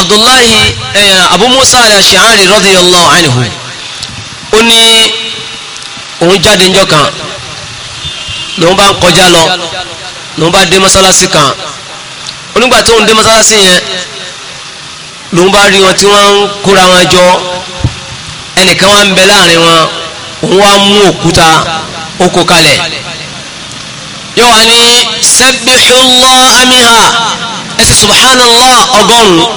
A: abdullahi abu musa al-ash'ari radiyallahu anhu ó ní òun jáde ńjọ́ kan lòun bá ń kọjá lọ lòun bá dé mọ́sálásí kan onígbà tóun dé mọ́sálásí yẹn lòun bá rí wọn tí wọ́n ń kóra wọn jọ ẹnìkan wá ń bẹ láàrin wọn òun wá mú òkúta oko kalẹ̀ yóò wá ní sabbihullaha miha ẹsẹ̀ subhanallah ọgọ́rùn-ún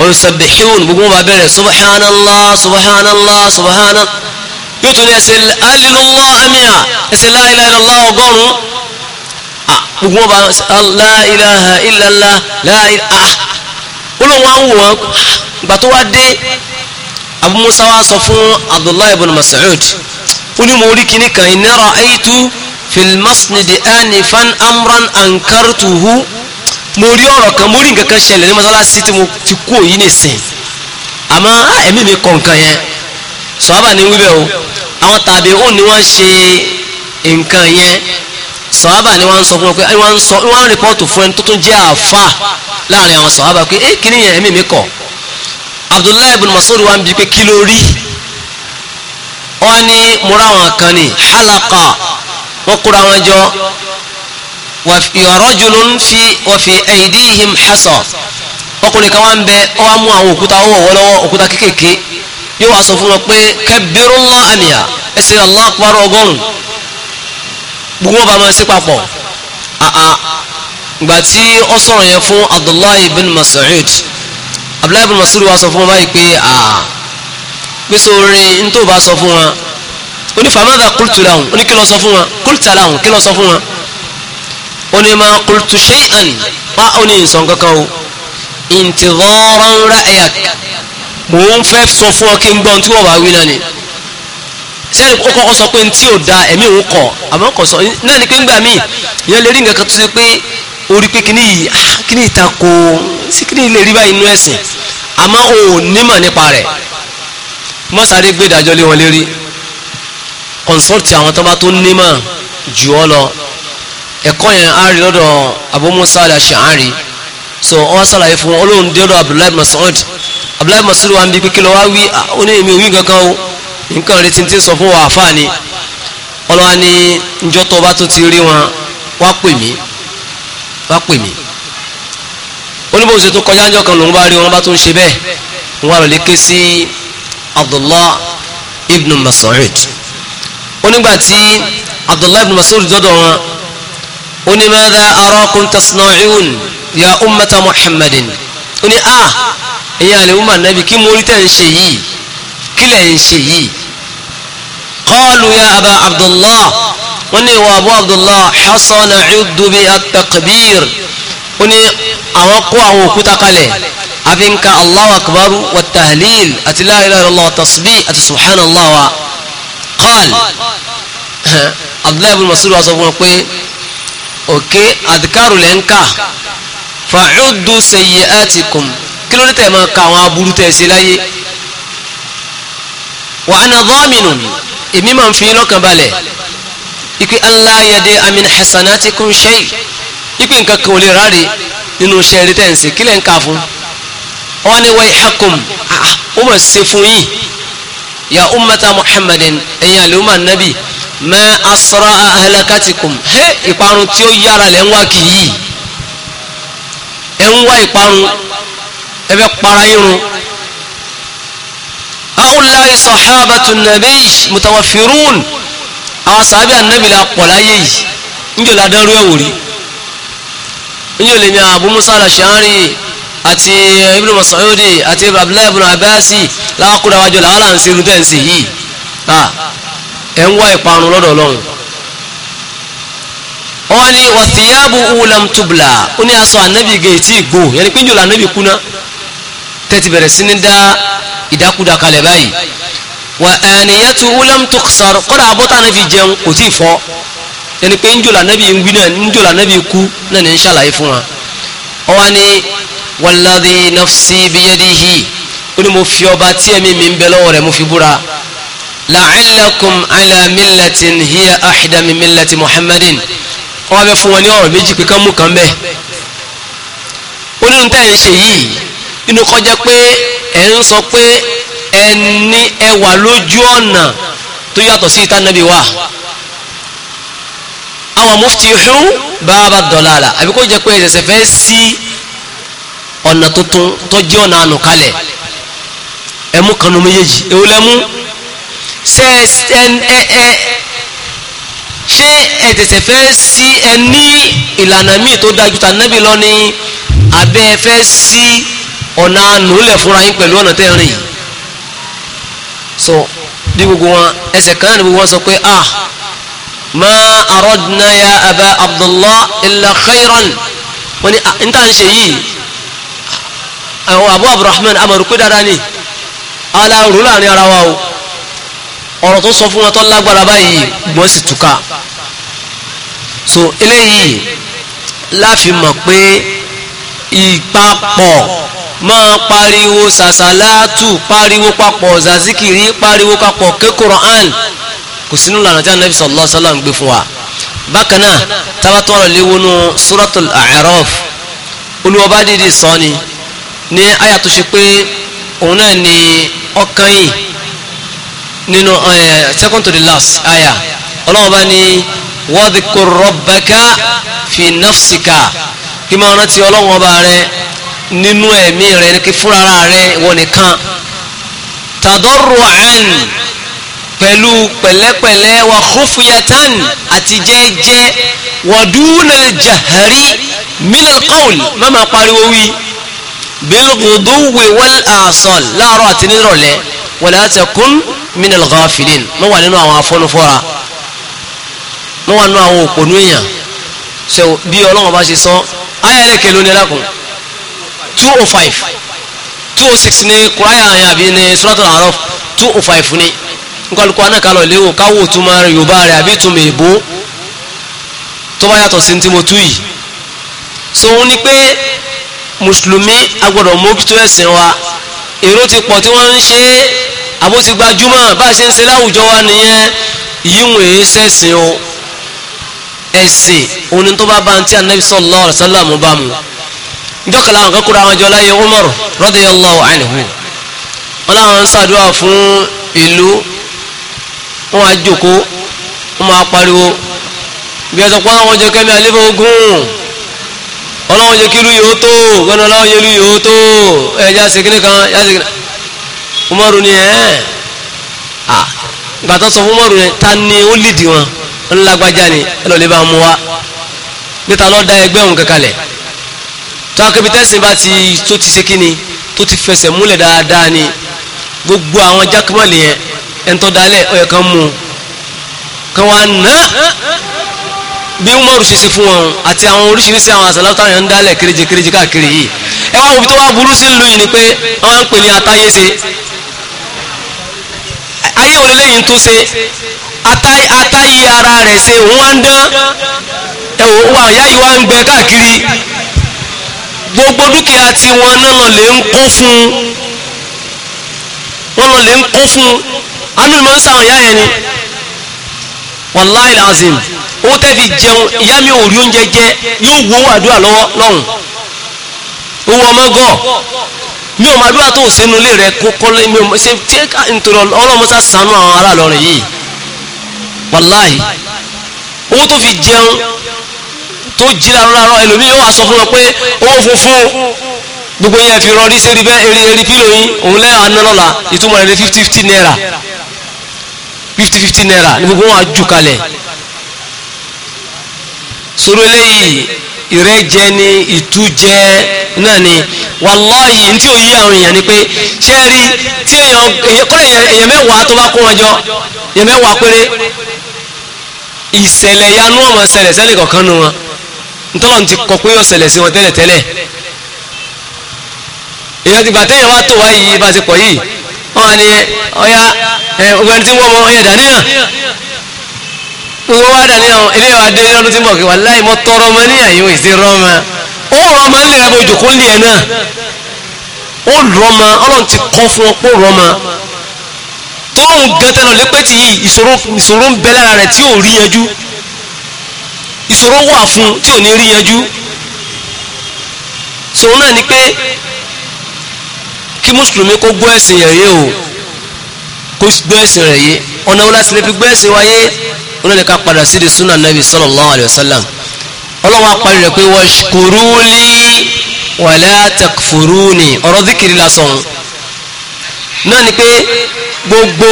A: òun sabbihun gbogbo wọn bá bẹ̀rẹ̀ subhanallah subhanallah subhanallah yóò tún ní ẹsẹ̀ alilullaha miha ẹsẹ̀ la ilaha illallah ọgọ́rùn-ún ah, gbogbo wọn bá la ilaha ah abu musa wa sọ fún abdullahi ibn mas'ud ó ní mo rí kíní kan inni ra'aytu fil masnidi anifan amran ankartuhu mo rí ọ̀rọ̀ kan mo rí nǹkan kan ṣẹlẹ̀ ní masalasi tí mo ti kú òyìn nìsín àmọ́ ah, ẹ̀mí mi kọ̀ nǹkan yẹn sọ́ọ́bà ní wíbẹ̀ o àwọn tàbí òun ni wọ́n ṣe nǹkan yẹn sọ̀hábà ni wọ́n sọ fún ọ pé wọ́n sọ wọ́n rìpọ́ọ̀tù fún ẹni tó tún jẹ́ àfà láàrin àwọn sọ̀hábà pé é eh, kìíní yẹn ẹ̀mí mi kọ̀ abdullahi ibn masud wa ń bi pé kí ló rí wọ́n ní múra wọn kan ní halaqa wọ́n kóra wọn jọ wa rajulun fi wa fi aydihim hasa ọkùnrin kan wá ń bẹ ọ wá mú àwọn òkúta ọwọ́ wọ́lọ́wọ́ òkúta kéékèèké yóò wá sọ fún wọn pé kabirullah àníyà ẹsẹ̀ allah akbar ọgọ́rùn gbogbo wọn bá máa sí papọ̀ àà ìgbà yẹn fún abdullahi bin mas'ud abdullahi bin masud wa sọ fún wọn báyìí pé aa pèsè orin ntó bá sọ fún wọn ó famada kultu lahun ó kí lọ sọ fún wọn kulta lahun kí lọ sọ fún wọn ó ma kultu shay'an wá ó ní nsọ̀n kankan o intidharan ra'yak mò ń fẹ́ sọ fún ọ kí n gbọ́n tí wọ́n bá wí náà ni sẹ́ni ó kọ́kọ́ sọ pé n tí ò da ẹ̀mí òun kọ̀ àmọ́ kọ̀ sọ náà ni pé ń gbà mí ìyẹn lè rí nǹkan kan tó ṣe pé orí pé kíní yìí ah, kíní ìtakò sí kíní lè rí báyìí inú ẹ̀sìn àmọ́ o ò nímọ̀ nípa rẹ̀ mọ́ sáré gbé ìdájọ́ lé wọn lérí kọ̀nsọ́ọ̀tì àwọn tó bá tó nímọ̀ jù ọ́ lọ ẹ̀kọ́ yẹn á rí lọ́dọ̀ Abu Musa al-Ash'ari so wọ́n sàlàyé fún olóhùn dẹ́rọ Abdullahi Mas'ud Abdullahi Mas'ud wa ń bí pé kí lọ wá wí ah, ó ní èmi òwí kankan o nǹkan rẹ̀ ti ń tẹ́ sọ fún wa àfáà ni ọlọ́wà ní njọ́tọ̀ bá tó ti rí wọn wá pè mí wá pè mí oníbòsí tó kọjá ńjọ kan lòun bá rí wọn bá tún ṣe bẹ́ẹ̀ wọn lọ lè ké sí abdullah ibn masoud onígbà tí abdullah ibn masoud dọ́dọ̀ wọn onímọ̀dá arákùn tasnaun ya ummata muhammadin ó ní a ah, ẹ̀yin àlè umar nabi kí mórí tẹ̀ ń ṣe yìí kí lẹ̀ ń ṣe yìí qalu ya aba abdullah wọn ní ìwà abu abdullah hasan acudu bi at àwọn kó àwọn òkúta kalẹ̀ àfi ń ka allahu akbar wa tahlil àti la ilaha illallah tasbih àti subhanallah wa qal abdullahi ibn masud wa sọ fún wọn pé òkè adhikaru lẹ́ ń kà fa'uddu sayyi'atikum kí ló ní tẹ̀ máa ka àwọn aburú tẹ̀ ṣe láyé wa ana dhaminun èmi máa fi lọ́kàn balẹ̀ ipe an la yade amin hasanatikum shay ipe nǹkan kan ò lè nínú iṣẹ́ rí tẹ́ǹsì kí lẹ́ ń kà fún wọn ni wọ́n ìhàkùn ah, ó mọ̀ sí fún yìí ya ummata muhammadin ẹ̀yin àlùmọ̀ nabi mẹ́ asọ́rọ̀ ahlakatikum hẹ́ ìparun tí ó yára lẹ́ ń wá kì í ẹ̀ ń wá ìparun ẹ fẹ́ para irun haulai sahabatu nabi mutawafirun àwọn sàábì ànábì la pọ̀ láyé yìí ń jò ládàrú ẹ̀wò rí yíò lè ní Abu Musa al-Ash'ari àti Ibn Mas'udi àti Abdullahi ibn Abbas lákúrò àwájọ làwọn là ń ṣe irú tẹ́ǹsì yìí ẹ̀ ń wá ìparun lọ́dọ̀ Ọlọ́run wọ́n ní wọ̀tíyàbù ulam tubla ó ní aṣọ ànábì gẹ̀ẹ́tì ìgbò yẹn ni pé jùlọ ànábì kúná tẹ́tí bẹ̀rẹ̀ sí ní dá ìdákúdà kalẹ̀ báyìí wà àníyàtú ulam tuksar kọ́dà abọ́tà ànábì jẹun ẹni pé njòlá nàbí ń wí náà njòlá nàbí kú náà ní ń ṣàlàyé fún wa ọ wá ní wàlladhi nafsi biyadihi ó ní mo fi ọba tí ẹ̀mí mi ń bẹ lọ́wọ́ rẹ̀ mo fi búra la'allakum ala millatin hiya ahda min muhammadin ọ wá fẹ́ fún wọn ní ọ̀rọ̀ méjì pé kán kan bẹ́ẹ̀ ó ní nǹkan ẹ̀ ń ṣe yìí inú kọjá pé ẹ̀ ń sọ pé ẹni ẹwà lójú ọ̀nà tó yàtọ̀ sí ìtànàbí wa àwọn mufti baba dalala àbí kó jẹ́ pé ẹ̀sẹ̀ fẹ́ sí ọ̀nà tuntun tó jẹ́ ọ̀nà ànù kalẹ̀ ẹ̀mú kanu méjèèjì èwo lẹ́mú ṣe ẹ̀tẹ̀sẹ̀ fẹ́ sí ẹ ní ìlànà míì tó dájú ta nábì lọ ní abẹ́ fẹ́ sí ọ̀nà ànù fúnra yín pẹ̀lú ọ̀nà tẹ́rìn yìí so bí gbogbo wọn ẹsẹ̀ kan náà ni gbogbo wọn sọ pé ah ما أردنا يا أبا عبد الله إلا خيرا وني انت عن شيء أو أبو عبد الرحمن أمر كده راني على رولاني رواو ọ̀rọ̀ tó sọ fún wọn tó lágbára báyìí wọ́n sì túká so eléyìí láfi mọ̀ pé ìpapọ̀ máa pariwo sàṣàlátù pariwo papọ̀ zazikiri pariwo papọ̀ ké kò sínú lànà tí anabi sallallahu alaihi wasallam gbé fún wa bákan náà tábàtọ́ ọ̀rọ̀ léwónú suratul a'raf olùwọ́ba dìde sọ́ni ní àyà tó ṣe pé òun náà ni ọkàn yìí nínú second to the last àyà ọlọ́wọ́ba ní wadhkur rabbaka fi nafsika kí máa rántí ọlọ́wọ́ba rẹ nínú ẹ̀mí rẹ kí fúnra rẹ wọ nìkan tadarru'an pẹ̀lú pẹ̀lẹ́pẹ̀lẹ́ wa khufiyatan àti jẹ́ẹ́jẹ́ wàdúnà jahari minal qawl mọ́mọ́ pariwo wí bilguduwi wal asal láàárọ̀ àti nírọ̀lẹ́ wala takun minal ghafilin mọ́ wà nínú àwọn afọ́nufọ́ra mọ́ wà nínú àwọn òpònú èèyàn so bí ọlọ́wọ́n bá ṣe sọ ayẹ́lẹ́kẹ̀ ló ní ẹlẹ́kùn 205 206 ní kúráyà àyàbí ní suratul araf 205 ní nkọlùkọ aná kalọ̀ léwò káwò túmọ̀ yorùbá rẹ̀ àbí túmọ̀ èbó tó bá yàtọ̀ sí ti mo tú yìí so òun ni pé mùsùlùmí agbọ́dọ̀ mójútó ẹ̀sìn wa èrò ti pọ̀ tí wọ́n ń ṣe àbó ti gbajúmọ̀ bá a ṣe ń ṣe láwùjọ wa nìyẹn yíwọ̀n èyí sẹ́sìn o ẹ̀sìn òun ni tó bá bá ń anabi sallallahu alaihi bá mu ìjọkàlà àwọn kan kúrò àwọn jọlá yẹ Umar radiyallahu anhu wọn làwọn ń ṣàdúrà fún ìlú wọ́n á jòkó wọ́n máa pariwo bí ẹ̀sọ́ pọ́n àwọn jẹ́ kẹ́mi àlébọ̀ ogun ọlọ́wọ́n jẹ́ kílù yóò tó gbọ́dọ̀ ọlọ́wọ́n jẹ́ lù yóò tó ẹ̀já sèkínì kan yá sèkínì Umaru ni ẹ̀ ah ìgbà tó sọ fún Umaru yẹn ta ni ó lìdì wọn ńlágbájá ni ẹ lọ́ọ́ lè bá mú wa níta lọ́ọ́ da ẹgbẹ́ òun kankalẹ̀ tó akébítẹ́sìn bá ti tó ti ṣe kíni tó ti fẹsẹ̀ múlẹ̀ dáadáa ni gbogbo àwọn jákèmọ́lì yẹn ẹ̀ńtọ́ dalẹ̀ ọ̀yẹ̀ kan mú kan wá ná bí umaru ṣe ṣe fún wọn àti àwọn oríṣiríṣi àwọn àṣàlátà yẹn ń dalẹ̀ kéréje kéréje káàkiri yìí ẹ wá òbí tó wá burú sí lu ni pé wọn ń pè ní atáyé ṣe ayé òun lélẹ́yìn tó ṣe atáyé ara rẹ̀ ṣe òun wá ń dán ẹ wò wá ìyá yìí wá ń gbẹ káàkiri gbogbo dúkìá tí wọn náà lè ń kún fún wọn náà lè ń kún fún àánú ni mo ń sàwọn ìyá yẹn ni wàláì lásìm owó tẹ́bi jẹun ìyá mi ò rí oúnjẹ jẹ yóò wo owó àdúrà lọ́wọ́ lọ́hùn
C: owó ọmọ gọ́
A: mi ò máa dúrà tó sínú ilé rẹ kókó mi ò ṣe tí nítorí ọlọ́mọsá sànú àwọn ará lọ́rùn yìí wàláì owó tó gbogbo yẹn fi rọrí sí eré pílò yín òun lẹ́yìn àná ìtumọ̀ rẹ̀ ní naira fifty fifty naira ní gbogbo wọn á jù kalẹ̀ sọ̀rọ̀ eléyìí ìrẹ́jẹ ni ìtújẹ náà ni wàláyé tí ó yí àwọn èèyàn ni pé ṣé rí tí èèyàn kọ́lẹ̀ èèyàn mẹ́wàá tó bá kó wọn jọ èèyàn mẹ́wàá péré ìṣẹ̀lẹ̀ yanú ọmọ ṣẹlẹ̀ sẹ́lẹ̀ kọ̀ọ̀kan nu wọn ntọ́lọ́n ti kọ pé yóò ṣẹlẹ̀ sí wọn tẹ́lẹ̀ tẹ́lẹ̀ èèyàn ti gbà téèyàn wá tó wáyé bá ti pọ̀ yìí wọ́n ni ọya ọgbẹ̀ni tí wọ́n mọ ọyẹ dàníyàn wọ́n wá dàníyàn eléyà adé lọ́dún tí mọ̀ kí wà láì mọ́ tọrọ ọmọ níyà yóò ìsè rọ́mọ ó rọ́mọ nílẹ̀ rẹ̀ bó jòkó níyẹn náà ó rọ́mọ ọlọ́run ti kọ́ fún ọ pé ó rọ́mọ tóun gan tẹ́lọ̀ lépè tí yìí ìṣòro ń bẹ lára rẹ̀ tí ò rí yanjú ìṣòro wà fún tí ò ní rí yanjú sòun náà ni pé kí mùsùlùmí kó gbọ́ ẹ̀sìn yẹn yé o kó gbọ́ ẹ̀sìn rẹ̀ yé ọ̀nà wọn lásìlẹ̀ fi gbọ́ ẹ̀sìn wa yé onílẹ̀ ká padà sí di sunnah nabi sallallahu alayhi wa sallam ọlọ́wọ́ apari rẹ̀ pé washkuru li wala takfuruni ọ̀rọ̀ díkìrì lásán náà ni pé gbogbo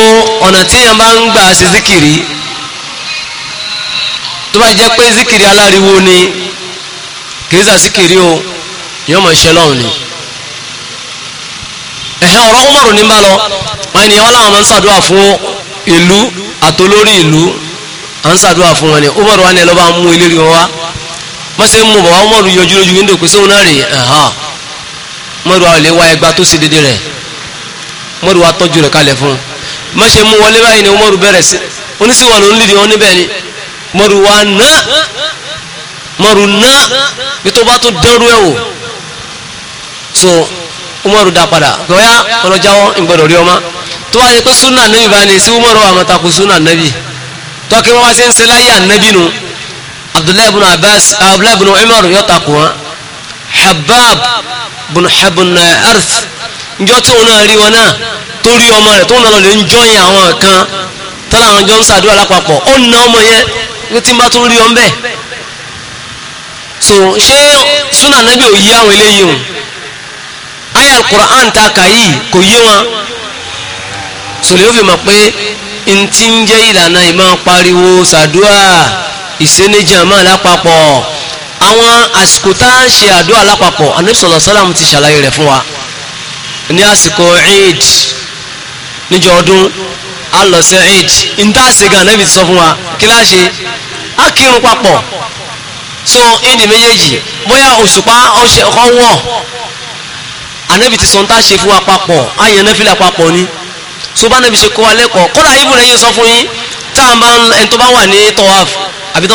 A: ọ̀nà tí yẹn máa ń gbà sí zikiri tó bá jẹ́ pé zikiri aláriwo ni kìí sà zikiri o yọ́n mọ̀ ṣẹlọ́ọ̀ ni ẹ̀hẹ́ ọ̀rọ̀ Umaru ní bá lọ wọn ni wọn làwọn máa ń ṣàdúrà fún ìlú àtolórí ìlú à ń ṣàdúrà fún wọn ni Umaru wa ni ẹ lọ́ bá mú eléré wọn wá wọ́n ṣe ń mú bọ̀ wá Umaru yọjú lójú wíńdò pé sóun náà rè ẹ̀hán Umaru wa lè wá ẹgbà tó ṣe déédéé rẹ̀ Umaru wa tọ́jú rẹ̀ kalẹ̀ fún un má ṣe mú wọlé báyìí ni Umaru so umaru dá padà gbọ́yá ọlọ́jáwọ́ ìgbọ́dọ̀ rí ọmọ tó wá yẹ pé súnà nẹ́bí bá ní sí umaru àwọn takò súnà nẹ́bí tọ́kí wọ́n wá sí ń ṣe láyé ànẹ́bí nu abdullahi bin abbas abdullahi bin umaru yọ takò wọn habab bin habun arth njọ́ tó wọn náà rí wọn náà tó rí ọmọ rẹ̀ tó wọn náà lè ń jọyìn àwọn kan tọ́lá àwọn jọ ń sàdúrà lápapọ̀ ó na ọmọ yẹn ní tí n bá tún rí ọmọ bẹ́ẹ̀ so ṣé súnà nẹ́bí ò yí àwọn eléyìí aya alukur'an ta kà yìí kò yé wọn sòlè ó fi mọ̀ pé n ti ń jẹ́ ìlànà ìmọ̀ pariwo sàdúà ìsénéjàmọ́ lápapọ̀ àwọn àsìkò tá à ń ṣe àdúà lápapọ̀ anabi sallallahu alaihi wasallam ti ṣàlàyé rẹ̀ fún wa ní àsìkò eid níjọ ọdún a lọ sí eid níta àsìkò anabi ti sọ fún wa kí láà ṣe á kírun papọ̀ so eid méjèèjì bóyá òṣùpá ọ̀ṣẹ̀ ọ̀wọ̀ anabi ti sọ̀ntà ṣe fún wa papọ̀ ayẹn náà fílẹ̀ papọ̀ ni so bá anabi ṣe kọ́ wa lẹ́kọ̀ọ́ kódà ibùn ẹ̀yìn sọ fún yín táwọn ẹni bá wà ní tọ́wáf àbí tó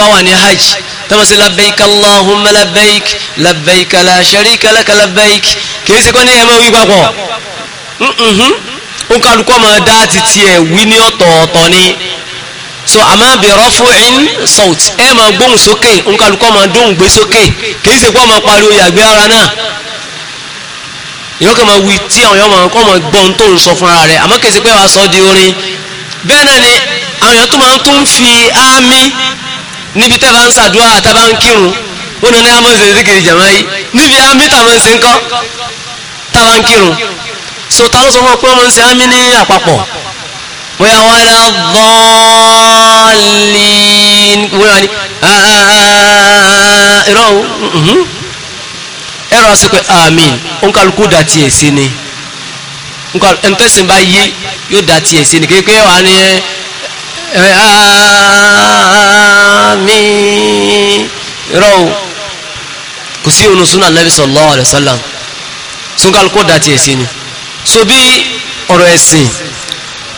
A: bá wà ní hajj tọ́wọ́ sí labbaik allahumma labbaik labbaik la sharika laka labbaik kì í ṣe kọ́ ní ẹ̀mọ́ wí papọ̀ ó kálukọ́ máa dá titi ẹ̀ wí ní ọ̀tọ̀ọ̀tọ̀ ni so àmọ́ bẹ̀rọ fún ẹ̀yìn sọ̀t ẹ̀ máa gbóhùn sókè ó kálukọ́ máa dóhùn gbé sókè kì í ṣe kọ́ máa pariwo yàgbé ara náà èyàn kan máa wí tí àwọn èèyàn máa kọ́ máa gbọ́n tó ń sọ fúnra rẹ̀ àmọ́ kèsì pé wàá sọ di orin bẹ́ẹ̀ náà ni àwọn èèyàn tó máa ń tún fi ámì níbi tẹ́ bá ń ṣàdúrà àtẹ́ bá ń kírun ó nà ní amọ̀nsẹ̀ ìdíkiri jàmá yìí níbi ámì táwọn ṣe ń kọ́ táwọn ń kírun so ta ló sọ fún ọ pé wọ́n ń ṣe ámì ní àpapọ̀ bóyá wọ́n á dọ́ọ̀lì ní ìrọ̀ ah, ah, ah, e sọ pé àmín òǹkàlùkù dà tiẹ̀ esi ni ntẹ́sìn bá yóò dà esi ni kékeré wà ní ẹ àmín rọ o kò sí ònà súnà nàbí sallallahu alaihi ni so bí ọ̀rọ̀ ẹ̀sìn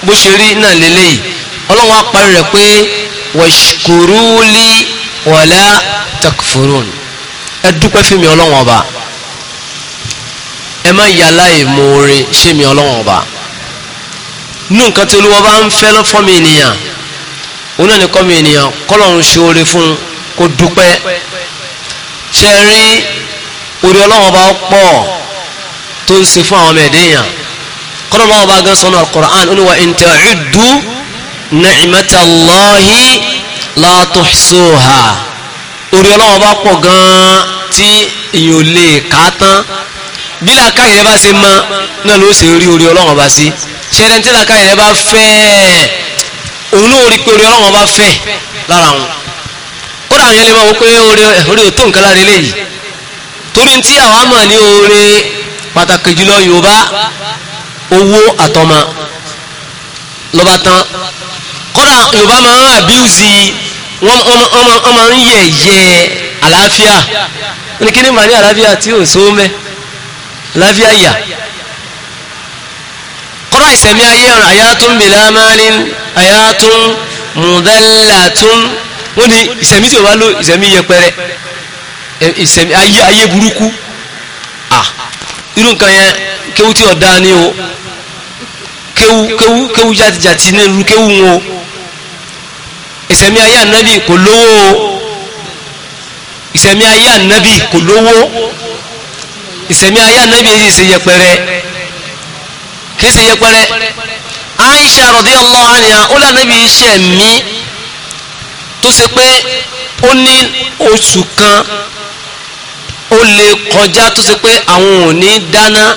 A: bó ṣe rí náà ọlọ́wọ́n pé takfurun ẹ dúpẹ́ fún mi ọba ẹ má yà láì moore ṣé mi ọlọ́wọ́n ọba nínú nǹkan tí olúwa bá ń fẹ́ lọ́fọ́ mi ènìyàn òun náà ní kọ́ mi ènìyàn kọ́lọ́run ṣe oore fún kó dúpẹ́ ṣe rí oore ọlọ́wọ́n ọba pọ̀ tó ń ṣe fún àwọn ọmọ ẹ̀dẹ́ yàn kọ́lọ́run ọlọ́wọ́n ọba gan sọ́nà al ó ní wa in ta'uddu ni'matallahi la tuhsuha oore ọlọ́wọ́n ọba pọ̀ gan tí èèyàn ò bí làákàyè rẹ bá ṣe mọ náà ló ṣe rí orí ọlọ́run bá sí ṣẹlẹ̀ tí làákàyè rẹ bá fẹ́ òun náà rí pé orí ọlọ́run bá fẹ́ lára wọn kódà àwọn yẹn lè máa wọ pé orí òtó nǹkan lára eléyìí torí tí àwọn àmọ̀ ní oore pàtàkì jùlọ yorùbá owó àtọmọ lọ́ba tán kódà yorùbá máa ń àbíùsì wọ́n máa ń yẹ̀yẹ́ àlàáfíà ní kí ni màá ní àlàáfíà tí ò sówó mẹ́ láfíà yà kọ́rọ̀ ìsẹ̀mí ayé ọ̀rọ̀ àyàtún bìlámálín àyàtún mùdálàtún wọ́n ni ìsẹ̀mí tí ó bá ló ìsẹ̀mí yẹpẹrẹ ìsẹ̀mí ayé ayé burúkú ah irú nǹkan yẹn kéwú tí ọ̀dá ni o kéwú kéwú kéwú jàtijàti ní irú kéwú wọn o ìsẹ̀mí ayé ànábì kò lówó ìsẹ̀mí ayé ànábì kò lówó ìsẹ̀mí ayé ànábì yìí ṣe yẹpẹrẹ kì ṣe yẹpẹrẹ Aisha radiyallahu anha ó lànàbì iṣẹ́ mi tó ṣe pé ó ní oṣù kan ó lè kọjá tó ṣe pé àwọn ò ní dáná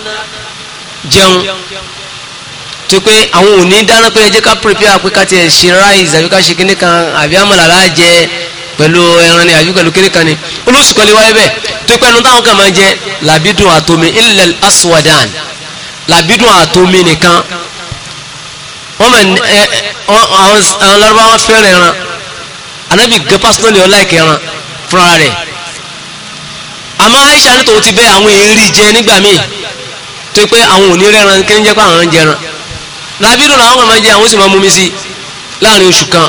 A: jẹun tó pé àwọn ò ní dáná pé ẹ ká prepare pé ká tiẹ̀ ṣe rice àbí ṣe kíní kan àbí àmàlà láàjẹ́ pẹ̀lú ẹran ni àbí pẹ̀lú kéré kan ni olóṣù kan lè wáyé bẹ́ẹ̀ tó pẹ́nu táwọn kan máa jẹ làbídùn àtomi ilẹ̀ aswadan làbídùn àtomi nìkan wọ́n mọ̀ ẹ àwọn lárúbáwá fẹ́ràn ẹran anábì gẹ pásítọ́lì ọláìkẹ́ ẹran fúnra rẹ̀ àmọ́ Aisha ní tòun ti bẹ́ àwọn èrí jẹ nígbà míì tó pé àwọn òní rẹran kí ní jẹ́ pé àwọn ń jẹran làbídùn làwọn kan máa jẹ àwọn sì máa mú mi sí láàrin oṣù kan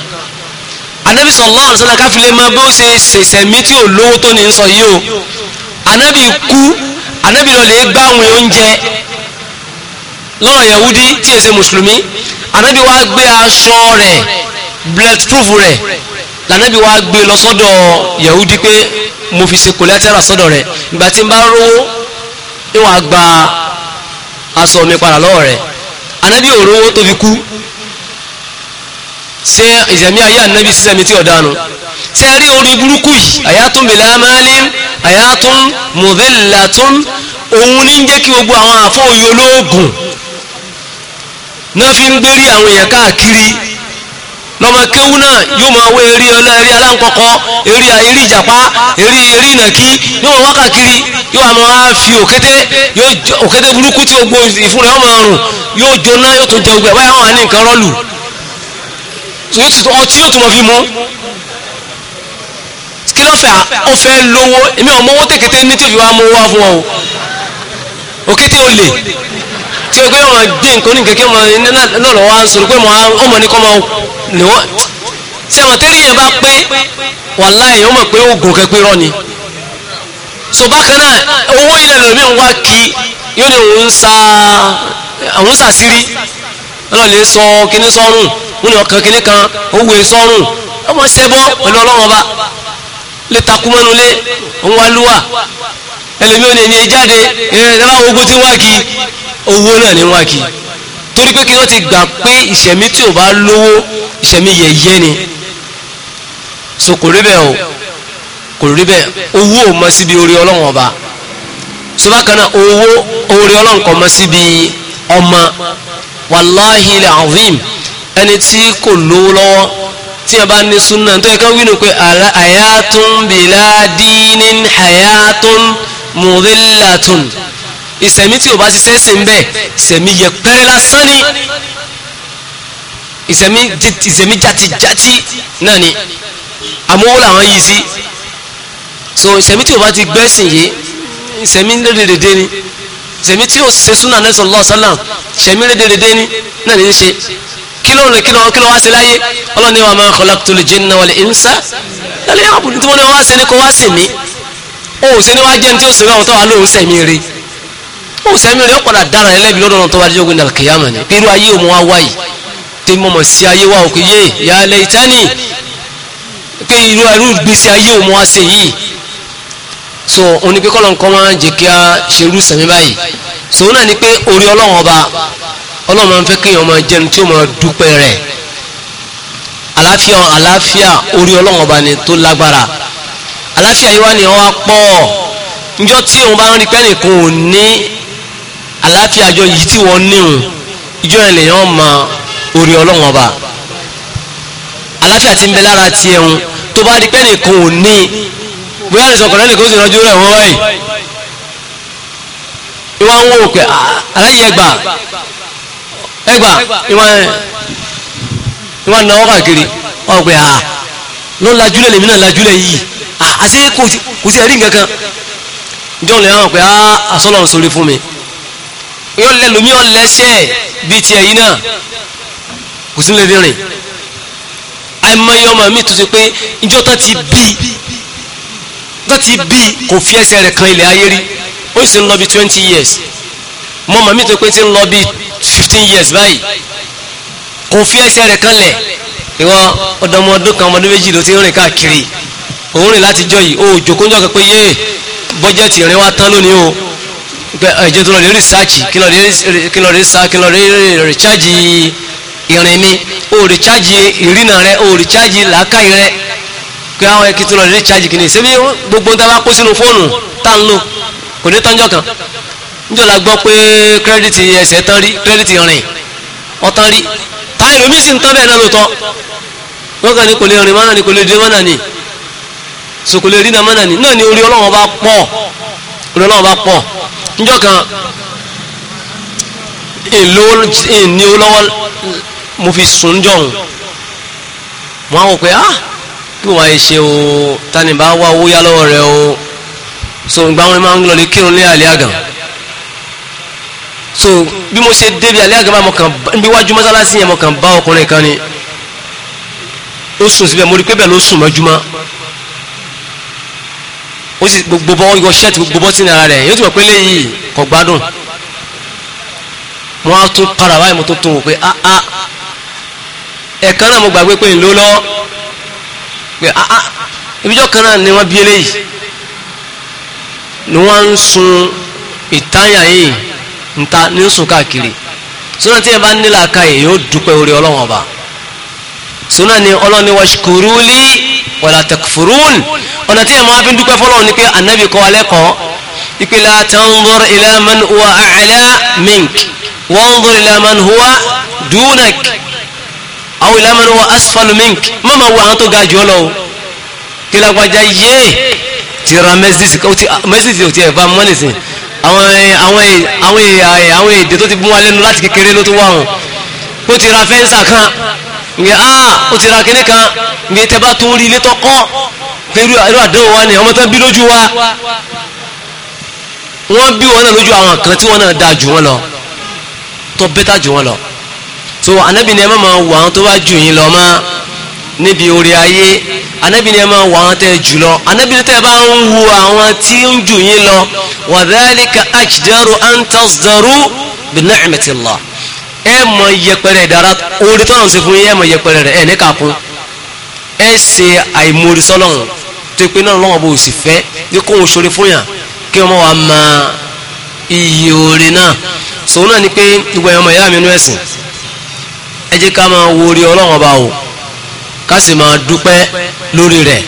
A: anabi sallallahu alaihi wasallam káfílẹ̀ mọ́ bó ṣe ṣẹ̀ṣẹ̀mí tí ò lówó tó ní sọ yìí o anabi kú anabi lọ lè gbá oúnjẹ lọ́rọ̀ yahudi tí èsè mùsùlùmí anabi wá gbé aṣọ rẹ̀ bulletproof rẹ̀ lànàbí wá gbé lọ sọ́dọ̀ yahudi pé mo fi ṣe collateral sọ́dọ̀ rẹ̀ ìgbà tí n bá rówó níwọ̀n àgbà aṣọ mi padà lọ́wọ́ rẹ̀ anabi ò rówó tó fi kú ṣé ìṣẹ̀mí ayé ànábì sísẹ̀mí tí ọ̀dánu ṣé rí orí burúkú yìí àyàtún bìlá málin àyàtún mudhillatun òun ní jẹ́ kí gbogbo àwọn àfọ́ òye olóògùn náà fi ń gbérí àwọn èèyàn káàkiri lọ́mọ kéwú náà yóò máa wé eré ọlá eré aláǹkọ́kọ́ eré eré ìjàpá eré eré ìnàkí yóò máa wákàkiri yóò àmọ́ á fi òkété yóò òkété burúkú tí gbogbo ìfúnra ọmọ ọrùn yóò jóná yóò tún jẹ gbẹ báyà wọn ní nǹkan rọ́ọ̀lù ọtí yóò tún mọ̀ fi mú kí ló fẹ́ ó fẹ́ lówó èmi ọmọ owó tèkété ní tí òbí wa mú wá fún ọ òkété olè tí o gbé wọn dín nǹkan ní kékeré wọn náà lọ́wọ́ á sọ̀rọ̀ pé ọmọ ní kọ́ máa lè wọ́n tí àwọn tẹ́lẹ̀ yẹn bá pé wàláhì ó mọ̀ pé oògùn kẹ́pẹ́ rọ́ ni so bákan náà owó yẹn lòmí ń wá kí yóò ní òun sa òun sàṣírí ọlọ́lẹ̀ sọ kíní sọ́rùn wọn ni ọkàn kíní kan owó sọ́rùn ọmọ sẹ́bọ́ pẹ̀lú ọlọ́run ọba lè takú mọ́nu lé òun wá lúwà
C: ẹlòmí ò ní ẹni jáde ẹ̀rọ ogun tí wá kí
A: owó náà ní wá kí torí pé kí wọ́n ti gbà pé ìṣẹ̀mí tí ò bá lówó ìṣẹ̀mí yẹ̀yẹ́ ni so kò rí bẹ́ẹ̀ o kò rí bẹ́ẹ̀ owó ò mọ síbi orí ọlọ́run ọba so bákan náà owó orí ọlọ́run kò mọ síbi ọmọ wàláhì ilẹ̀ azim ẹni tí kò lówó lọ́wọ́ tí a bá ní súnà tó yẹ ká wí nù pé àyàtún bìlá dínín àyàtún mùdílàtún ìsẹ̀mí tí ò bá ṣiṣẹ́ sí ń bẹ̀ ìsẹ̀mí yẹpẹrẹ lásán ni ìsẹ̀mí ìsẹ̀mí náà ni àmówó làwọn yìí sí so ìsẹ̀mí tí ò bá ti gbẹ́sìn yìí ìsẹ̀mí lédèdè ni sẹ̀mí tí ó ṣe súnà nẹ́sọ̀ lọ́ọ̀ sálàm sẹ̀mí rédèrèdè ní náà ní í ṣe kí ló ń lè kí ló kí ló wá sí láyé ọlọ́run ní wa ma khalaqtul jinna wal insa lálẹ́ àbùdó tí wọ́n ní wá sí ni kó wá sí mi ó sì ní wá jẹ́ ní tí ó sì rí àwọn tó wà lóhùn sẹ̀mí rí ó sẹ̀mí rí ó padà dára ẹ̀ lẹ́bi lọ́dọ̀ tó wá dé ogun ní alkiyama ni irú ayé òun wá wáyìí tí mo mọ̀ sí ayé wa òkè yé ya laytani pé irú irú gbèsè ayé òun wá sí yìí so òní pé kọ́lọ̀ nǹkan máa ń kí a ṣe irú báyìí so náà ni pé orí ọlọ́run ọba ọlọ́run máa ń fẹ́ kí èèyàn máa jẹun tí ó máa dúpẹ́ rẹ̀ àláfíà àláfíà orí ọlọ́run ọba ni tó lágbára àláfíà yìí wá ní ọwọ́ pọ̀ njọ́ tí òun bá ń rí pẹ́ ò ní àláfíà àjọ yìí tí wọ́n níhun ìjọ ẹ̀ lèèyàn mọ orí ọlọ́run ọba àláfíà ti ń bẹ lára tiẹ̀ hun tó bá rí pẹ́ ò ní bóyá lè sọ̀kọ̀ lẹ́nìkan ó sì rọjú rẹ̀ wọ́n wáyìí ìwà ń wò pé ah, aláyé ẹgbà ẹgbà ìwà náà wọ́n kàkiri wọ́n pé à ló lajúlẹ̀ lèmi náà lajúlẹ̀ yìí àti ah, kò sí ẹ̀rí nǹkan john lè hàn pé á ah, àsọ́lọ̀ sórí fún mi yóò lẹ lómi ọ̀ lẹ́sẹ̀ bíi tiẹ̀ yìí náà kò sí lè rìn àìmọye ọmọ mi tó ṣe pé ìjọ tán ti bíi tó ti bí kò fi ẹsẹ̀ rẹ̀ kan ilẹ̀ ayé rí ó sì ń lọ bí twenty years mo mọ̀ mí tó pé ti ń lọ bí fifteen years báyìí kò fi ẹsẹ̀ rẹ̀ kan lẹ̀ ìwọ ọ̀dọ́mọ ọdún kan ọmọdún méjì ló ti ń rìn káàkiri òun rìn láti jọ yìí ó jòkóńjọ kan pé yé bọ́jẹ́tì ìrìn wa tán lónìí o ẹ̀jẹ̀ tó lọ rí rìsáàjì kí lọ rí sá kí lọ rí rìcháàjì ìrìn mi ó rìcháàjì ìrìnà rẹ ó rìcháàjì làákàyè rẹ pé àwọn ẹkí tó lọ lè ṣáàjì kìíní ṣé bí gbogbo nǹkan bá kó sínú fóònù tá ń lò kò ní tọ́jọ́ kan níjọ́ la gbọ́ pé kírẹ́dìtì ẹsẹ̀ tán rí kírẹ́dìtì rìn ọ̀tán rí táyà lómi sì ń tán bẹ́ẹ̀ náà lóòótọ́ wọ́n kàn ní kò lè rìn mọ́nà ni kò lè dé mọ́nà ni so kò lè rí nàmọ́nà ni náà ni orí ọlọ́wọ́n bá pọ̀ orí ọlọ́wọ́n bá pọ̀ níjọ́ kan ìní olówó mo fi sùn jọ̀hún mo á wò pé ah tó wáyé ṣe o tani bá wá owó yá lọ́wọ́ rẹ o so ìgbà wọn máa ń lọ lè kírun ní àlẹ́ àgàn so bí mo ṣe débi àlẹ́ àgàn bá mo kàn níbi wájú mọ́sálásí yẹn mo kàn bá ọkùnrin kan ni ó sùn síbẹ̀ mo rí pé bẹ́ẹ̀ ló sùn mọ́júmọ́ ó sì gbogbo bọ́ yọ ṣẹ́ẹ̀tì gbogbo bọ́ sínú ara rẹ̀ yóò ti mọ̀ pé léyìí kò gbádùn mo á tún para báyìí mo tó tún wò pé ah, ah. ẹ̀ẹ̀kan náà mo gbàgbé pé ń ló lọ́ọ́ pé ah ah ibijọ́ kan náà ni wọ́n bí eléyìí ni wọ́n ń sun ìtayà yìí níta ní ń sun káàkiri sọ́nà tí ẹ bá nílà ká yìí yóò dúpẹ́ orí ọlọ́wọ́n ọba sọ́nà ni ọlọ́ni washkuruli wala takfurun ọ̀nà tí ẹ máa fi ń dúpẹ́ fọlọ́wọ́n ni pé anabi kọ́ alẹ́ kọ́ ipe la tanzur ila man huwa a'la mink wanzur ila man huwa dunak àwọn ìlànà wa asfalu mink má máa wo àwọn tó ga jù ọ lọ o kí lágbájá yé ti ra mẹsídìsì mẹsídìsì ò ti ẹ̀ bá mọ́ nìsín àwọn àwọn àwọn àwọn èdè tó ti bú wa lẹ́nu láti kékeré ló tó wà wọn ó ti ra fẹ́ǹsà kan nge aa ah, ó ti ra kíní kan nge tẹ́ bá rí ilé tó kọ́ àdéhùn wa ni ọmọ tó ń bí lójú wa wọ́n bí wọn náà lójú àwọn kan tí wọ́n náà dáa jù wọn lọ tó bẹ́tà jù wọn lọ so anabi ni ẹ máa wọ àwọn tó bá jù yín lọ mọ́ níbi orí ayé anabi ni ẹ máa wọ àwọn tẹ jù lọ anabi ni tẹ bá ń wo àwọn tí ń jù yín lọ wa dhalika ajdaru an tasdaru bi ni'matillah ẹ mọ yẹpẹrẹ dára orí tọ́nà ń ṣe fún yín mọ yẹpẹrẹ rẹ ẹ ní kàkún ẹ ṣe àìmórí sọlọ́run tó pé náà lọ́wọ́ bó sì fẹ́ ní kóhun ṣoore fún yàn kí wọ́n wá máa iye oore náà sòun náà ni pé ìwà ọmọ ìyá mi nú ẹ̀sìn ẹ jẹ́ ká máa wo orí ọlọ́run ọba o ká sì máa dúpẹ́ lórí rẹ̀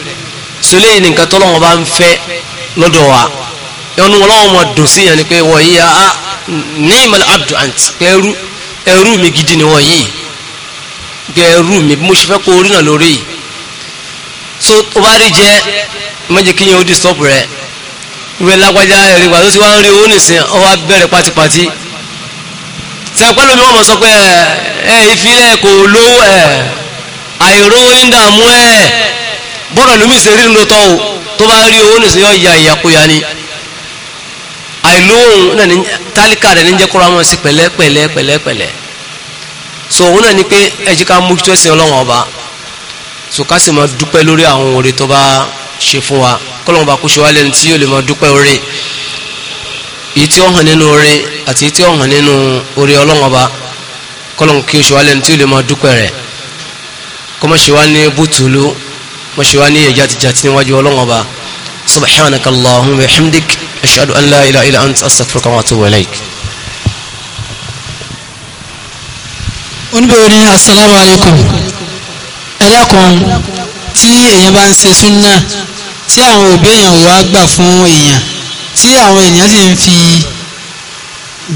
A: sọlẹ́ yìí nìkan tọ́lọ́run ọba ń fẹ́ lọ́dọ̀ wa ẹnu ọlọ́run máa dùn sí yẹn ni pé wọ́n yí a ní ìmọ̀lẹ́ abdu àǹtí pé ẹrú ẹrú mi gidi ni wọ́n yìí pé ẹrú mi bí mo ṣe fẹ́ kó orí náà lórí yìí so tó bá rí jẹ́ mẹ́jẹ̀ kí yẹn ó di stop rẹ̀ ìwé lágbájá ẹ̀rí wà tó ti wá ń rí owó nìsín ọwọ́ abẹ́rẹ́ pátípátí sẹ́wọ́n pẹ́lú mi wọ́n mọ̀ sọ pé ẹ ìfilẹ̀ kò ló ẹ àìrówó ń dààmú ẹ bọ́rọ̀ lómi ṣe rí lóòótọ́ o tó bá rí owó nìṣẹ́ yọ ìyá ìyàkuyà ni àìlówó náà ní tálíkà rẹ̀ ní jẹ́ kóra mọ́ sí pẹ̀lẹ́ pẹ̀lẹ́ pẹ̀lẹ́ pẹ̀lẹ́ so òun náà ni pé ẹjí ká mú tó ẹsìn ọlọ́wọ́n ọba so ká sì máa dúpẹ́ lórí àwọn oore tó bá ṣe fún wa kọ́lọ́wọ́n bá kó ṣe wá lẹ́nu tí yóò lè máa dúpẹ́ oore èyí tí ó hàn nínú orin àti èyí tí ó hàn nínú orí ọlọ́run ọba kọ́lọ́n kí o ṣe wá lẹ́nu tí o lè máa dúpẹ́ rẹ̀ kó má ṣe wá ní bùtùlù má ṣe wá ní ẹ̀já tìjà tí níwájú ọlọ́run ọba subhanaka allahumma wa ashhadu an la ilaha illa anta astaghfiruka wa atubu ilaik.
D: oníbẹ̀rẹ̀ ní asalaamu alaykum ẹ̀dá kan tí èèyàn bá ń ṣe súnà tí àwọn òbí èèyàn wá gbà fún èèyàn tí àwọn ènìyàn sì ń fi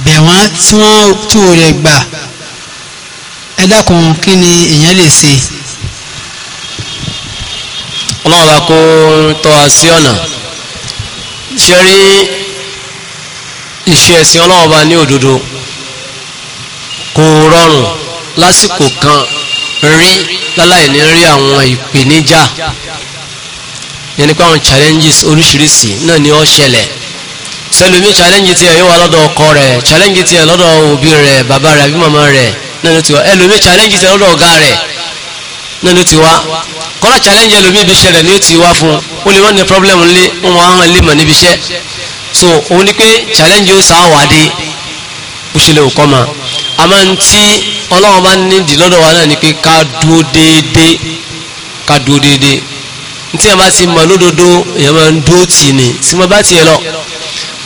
D: bẹ̀ wọ́n tí wọ́n tó rẹ̀ gbà ẹ kí ni èèyàn
A: lè ṣe. ọlọ́run bá kó tọ́ wa sí ọ̀nà ṣe rí ìṣe ẹ̀sìn ọlọ́run bá ní òdodo kò rọrùn lásìkò kan rí láláì ní rí àwọn ìpèníjà yẹn ni pé àwọn challenges oríṣiríṣi náà ni ó ṣẹlẹ̀ sẹlẹmi challenge tiẹ̀ yóò wá lọ́dọ̀ ọkọ rẹ̀ challenge tiẹ̀ lọ́dọ̀ òbí rẹ̀ bàbá rẹ̀ àbí màmá rẹ̀ nínú tiwa ẹlòmí challenge tiẹ̀ lọ́dọ̀ ọ̀gá rẹ̀ nínú tiwa kọ́lá challenge ẹlòmí ibi iṣẹ́ rẹ̀ ní ti wá fún ó lè wọ́n ní problem lé wọn hàn lé mọ̀ níbi iṣẹ́ so òun ni pé challenge yóò sá wà dé ó ṣe lè kọ́ ma àmọ́ n tí ọlọ́wọ́n bá ní di lọ́dọ̀ wa náà ni pé ká dúó déédéé ká dúó déédéé n tí yẹn bá ti mọ̀ lódodo èèyàn máa ń dúó tì ní tí mo bá tiẹ̀ lọ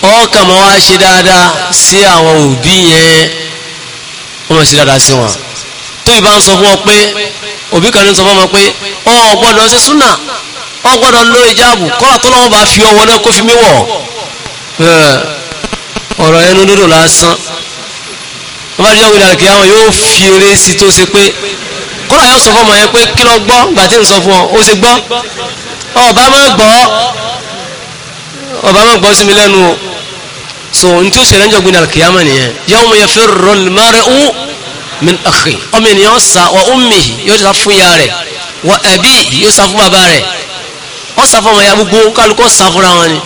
A: ọkàn mọ́ wá ṣe dáadáa sí àwọn òbí yẹn wọ́n mọ̀ ṣe dáadáa sí wọn tó ìbá ń sọ fún ọ pé òbí kan ní sọ fún ọmọ pé ọ gbọ́dọ̀ ṣe súnà ọ gbọ́dọ̀ lo ìjáàbù kọ́lá tó lọ́wọ́ bá fi ọwọ́ náà kó fi mí wọ̀ ọ̀rọ̀ ẹnu lódò lásán wọ́n bá jẹ́ òwe dàrẹ́kì àwọn yóò fi eré sí tó ṣe pé kọ́lá yóò sọ fún ọmọ yẹn pé kí lọ gbọ́ gbà tí ń sọ fún ọ ó ṣe gbọ́ ọba má gbọ́ ọba má gbọ́ sí mi lẹ́nu o so n tí ó ṣẹlẹ̀ ń jọ gbin alikiyama nìyẹn yawma yafirru al-mar'u min akhi ọmọ ènìyàn sa wa ummihi yóò sá fún ya rẹ̀ wa abihi yóò sá fún bàbá rẹ̀ wọ́n sá fún ọmọ ya gbogbo kálukọ́ sá fúnra wọn ni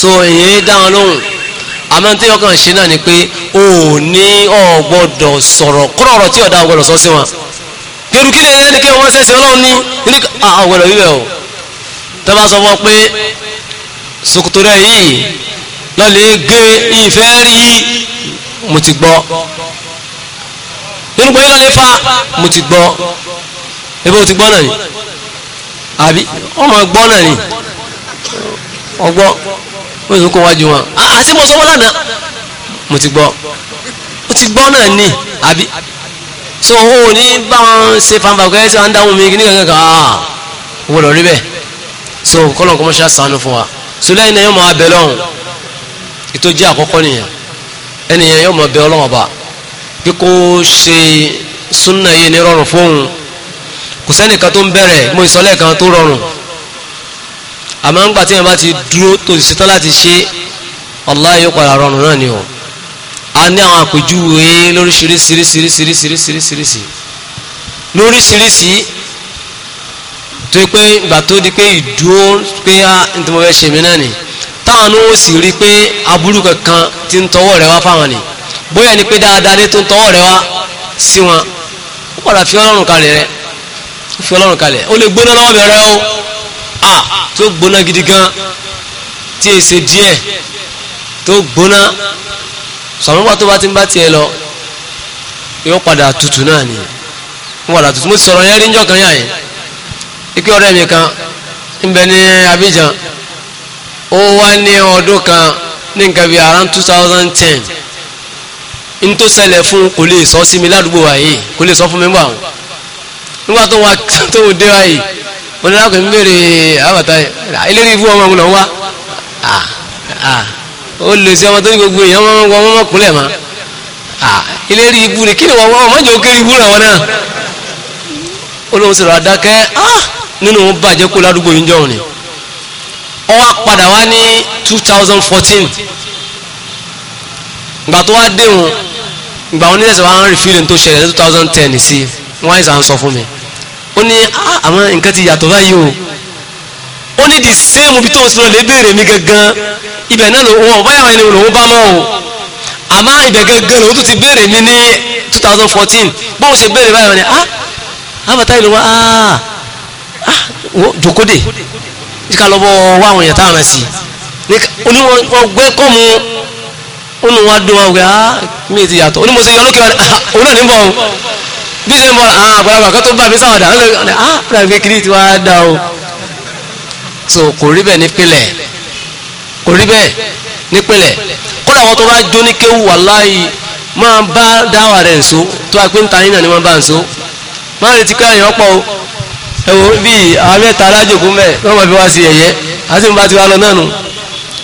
A: so èyàn dá wọn lóhùn àmọ́ tí ọkàn ṣe náà ni pé o ní ọ̀gbọ́dọ̀ sọ̀rọ̀ kúrọ̀ ọ̀rọ̀ tí ọ̀dà ọ̀gbọ́dọ̀ sọ sí wọn kẹrù kí lè lẹ́ni kí wọ́n sẹ́sẹ̀ ọlọ́run ní ní ọ̀gbọ́dọ̀ wíwẹ̀ o tẹ́ bá sọ fún ọ sokoto rẹ̀ yìí lọ́lẹ̀ gé ìfẹ́ rí mo ti gbọ́ nínú pé lọ́lẹ̀ fa mo ti gbọ́ ebe o ti gbọ́ náà ni àbí ọmọ gbọ́ náà ni ọgbọ́ ó sì ń kó wájú wọn àti mo sọ wọn lánàá mo ti gbọ́ ó ti gbọ́ náà ni àbí so o ní bá wọn ṣe fanfa pé ṣe wọn dáhùn mi ní kankan kan ah owó lọ rí bẹ́ẹ̀ so kọ́lọ̀ kọ́mọ́ṣá sànú fún wa so lẹ́yìn náà yóò máa bẹ̀ lọ́hùn ètò jẹ́ àkọ́kọ́ nìyẹn ẹnìyẹn yóò mọ̀ bẹ ọlọ́wọ́n bá bí kò ṣe súnà yìí ní rọrùn fóun kò sẹ́nìkan tó ń bẹ̀rẹ̀ mo ìsọlẹ̀ kan tó rọrùn àmọ́ ńgbà tí yẹn bá ti dúró tó ti ṣetán láti ṣe Allah yóò padà rọrùn náà ni o a ní àwọn àpèjúwe lóríṣiríṣiríṣiríṣiríṣiríṣiríṣi lóríṣiríṣi tó yẹ pé ìgbà tó di pé ìdúró pé a ah, ní tí mo fẹ́ ṣe mí náà nìyí táwọn ní ó sì rí i pé aburú kankan ti ń tọwọ́ rẹ̀ wá fáwọn ni bóyá ni pé dáadáa ní tó ń tọwọ́ rẹ̀ wá sí wọn ó padà fi ọlọ́run kalẹ̀ rẹ̀ ó fi ọlọ́run kalẹ̀ ó lè gbóná lọ́wọ́ bẹ̀rẹ̀ o a tó gbóná gidi gan tí è ṣe díẹ̀ tó gbóná sọ̀rọ̀mọ́pá tó bá ti ń bá tiẹ̀ lọ yóò padà tutù náà ni wọ́n padà tutù mo sọ̀rọ̀ yẹn rí níjọ́ kan yà yẹn ikú ọ̀rẹ́ mi kan ń bẹ ní Abidjan ó wá ní ọdún kan ní nǹkan bíi around two thousand ten n tó ṣẹlẹ̀ fún kò lè sọ sí mi ládùúgbò wa yìí kò lè sọ fún mi gbà wọn nígbà tó wà tó ń dé wa yìí ní lákòó ń béèrè àbàtà eléré ibú ọmọ ọmọ wa ó lè sí ọmọ tó ní gbogbo èèyàn ọmọ ọmọ ọmọ kúnlẹ̀ mọ́ eléré ibú ni kí ni wọ́n ọmọ jẹ́ òkèrè ibú rẹ̀ wọn náà ó lóun sọ̀rọ̀ àdákẹ́ ah, nínú bàjẹ́ kó ládùúgbò yìí jọ̀ọ́ ni ó wá padà wá ní 2014 ìgbà tó wá déhùn ìgbà wọn nílẹ̀ sọ wá ń rí fílìn tó ṣẹlẹ̀ ní 2010 sí wọ́n àìsàn ń sọ fún mi ó ní ah, àwọn nǹkan ti yàtọ̀ báyìí o ó ní the same bí tó ń sọ lè béèrè mi gangan ibẹ̀ náà ló wọ́n báyà wọn ni òun bá mọ́ o àmọ́ ibẹ̀ gangan lòun tó ti béèrè mi ní 2014 bóun ṣe béèrè báyà wọn ni ah àbàtà ìlú wa ah ah jòkóde jíkà lọ́bọ̀ wá àwọn èèyàn táwọn sí oníwọ̀n gbé kọ́mù ònù wa dùn wọn wẹ̀ áá ah, mi ti yàtọ̀ onímọ̀ sí yọ lókè wọn ah, òun náà ní bọ̀ bí ṣe ń bọ̀ ah, àwọn so kò rí bẹ́ẹ̀ nípìnlẹ̀ kò rí bẹ́ẹ̀ nípìnlẹ̀ kódà wọn tó bá jó ní kéwù wàláyì máa bá dáwà rẹ̀ nsó tó a pé ń ni wọ́n bá nsó máa retí pé àyàn ọ̀pọ̀ o ẹwọ bíi àwọn mẹ́ta alájòkú mẹ́ wọ́n mọ̀ fi wá sí ẹ̀yẹ́ àti mo bá ti wá lọ náà nù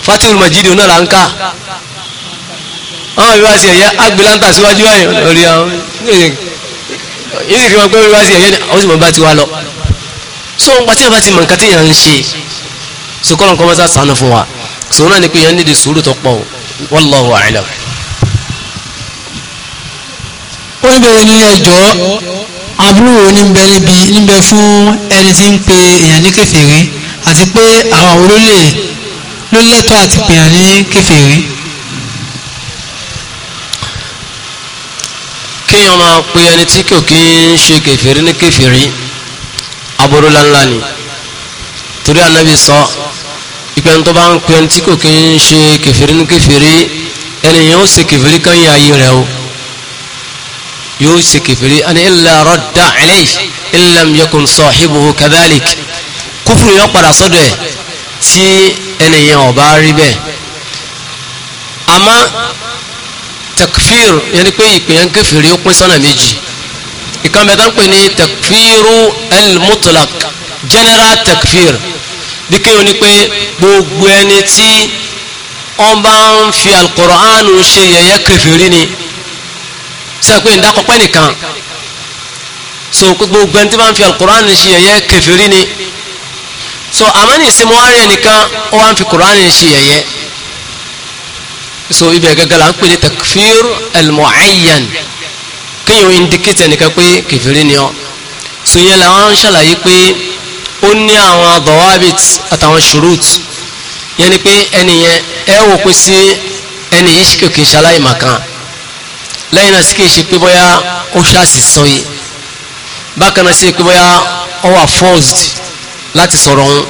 A: fatih olùmọ̀jídìí náà là ń kà wọ́n mọ̀ fi wá sí ẹ̀yẹ́ agbèlántà síwájú ẹ̀yìn lórí àwọn yìí fi wọn pé wọ́n fi wá sí ẹ̀yẹ́ àwọn sì mọ̀ bá ti wá lọ. so ń pàtí àbá ti mọ̀ nǹkan tí yẹn ń ṣe so kọ́ lọ́nkọ́ mọ́tà sànù fún wa so náà ni pé yẹn nídìí sùúrù tó pọ̀ wallahu
D: aburú wo ní bẹ níbi níbẹ fún ẹni tí ń pe èèyàn ní kèfèrí àti pé àwọn
A: olólè ló lẹ́tọ̀ọ́ àti pèèyàn ní kèfèrí. kéèyàn máa pe ẹni tí kò kí ń ṣe kèfèrí ní kèfèrí aburú ńláńlá ni torí ànábì sọ ìpẹ́ni tó bá ń pe ẹni tí kò kí ń ṣe kèfèrí ní kèfèrí ẹni yẹn ó ṣe kèfèrí kan yẹ ayé rẹ o yóò ṣe kèfèrí ani illa radda alayhi illam yakun sahibuhu kadhalik kúfùrù yóò padà sọ́dọ̀ ẹ̀ tí ẹnìyàn ọba rí bẹ́ẹ̀ àmọ́ takfir yẹni pé ìpìyàn kèfèrí ó pín sọ́nà méjì ìkan bẹ́ẹ̀ tán pè takfiru al general takfir bí kéwọn ni gbogbo ẹni tí wọ́n bá fi al-Qur'an ṣe yẹ̀yẹ́ kèfèrí ni sọ pé ndakọ̀pẹ́ nìkan so gbogbo ẹni tí wọ́n fi alukur'an ṣe yẹ̀yẹ́ kẹfìrí ni so àmọ́ ní ìsinmi wọn rẹ̀ nìkan ó wá ń fi kur'an ṣe yẹ̀yẹ́ so ibẹ̀ gẹ́gẹ́ la ń pè ní takfir al-mu'ayyan kéèyàn indicate ẹnìkan pé kẹfìrí ni ọ so yẹn làwọn ń ṣàlàyé pé ó ní àwọn dawabit àtàwọn shurut yẹn ni pé ẹnìyẹn ẹ wò pé sí ẹnìyí kìkì ṣaláìmọ̀ kan lẹ́yìn náà sí kí n ṣe pé bóyá ó ṣáàṣì sọ yìí bákan náà sí pé bóyá ó wà forced láti sọ̀rọ̀ òun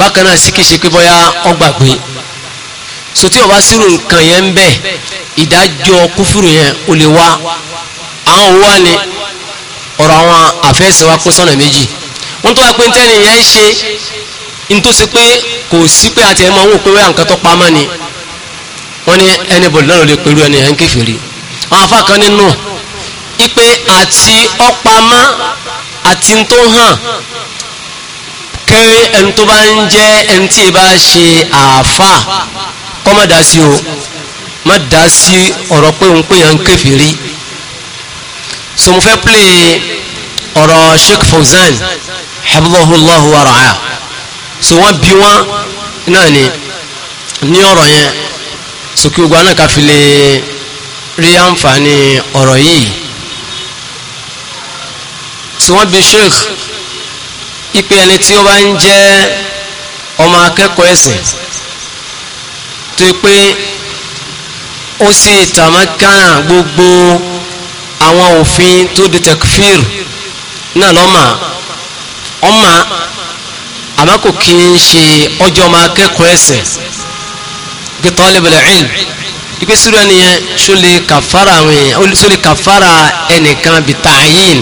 A: bákan náà sí kí n ṣe pé bóyá ó gbàgbé so tí ó bá sírò nǹkan yẹn ń bẹ ìdájọ́ kúfúrú yẹn ó lè wá àwọn òwúwa ni ọ̀rọ̀ àwọn àfẹ́sẹ̀ wa kó sọ̀nà méjì wọ́n tó wá pé tẹ́ni yẹn ń ṣe ní tó ṣe pé kò sí pé àti ń wò pé ni wọ́n ní ẹni bọ̀dọ̀ náà ló lè pẹ̀lú ẹni yẹn ń kéfèrè Afa afá kan nínú ipe àti ọpamọ́ àti tó hàn kẹrin ẹni tó bá ń jẹ́ ẹni tí ì bá ṣe àfà kọ́ má dá sí o má dá sí ọ̀rọ̀ pé òun pè yàn ń kèfèrí so mo fẹ́ play ọ̀rọ̀ Sheikh Fawzan habibullahu wa so wọ́n bí wọ́n náà ni ní ọ̀rọ̀ yẹn so kí o gba náà ká fi lè. rí àǹfààní ọ̀rọ̀ yìí tí wọ́n bi sheikh ipe ẹni tí ó bá ń jẹ́ ọmọ akẹ́kọ̀ọ́ ẹ̀sìn tó pé ó sì tàmákàrà gbogbo àwọn òfin tó di tekfir náà lọ́mà ọmọ àmọ́ kò kí ń ṣe ọjọ́ ọmọ akẹ́kọ̀ọ́ ẹ̀sìn bí talibul ilm ipe sùúrù ẹnìyẹn ṣó lè kàfàrà àwọn èèyàn ṣó lè kàfàrà ẹnìkan bíi tààyìn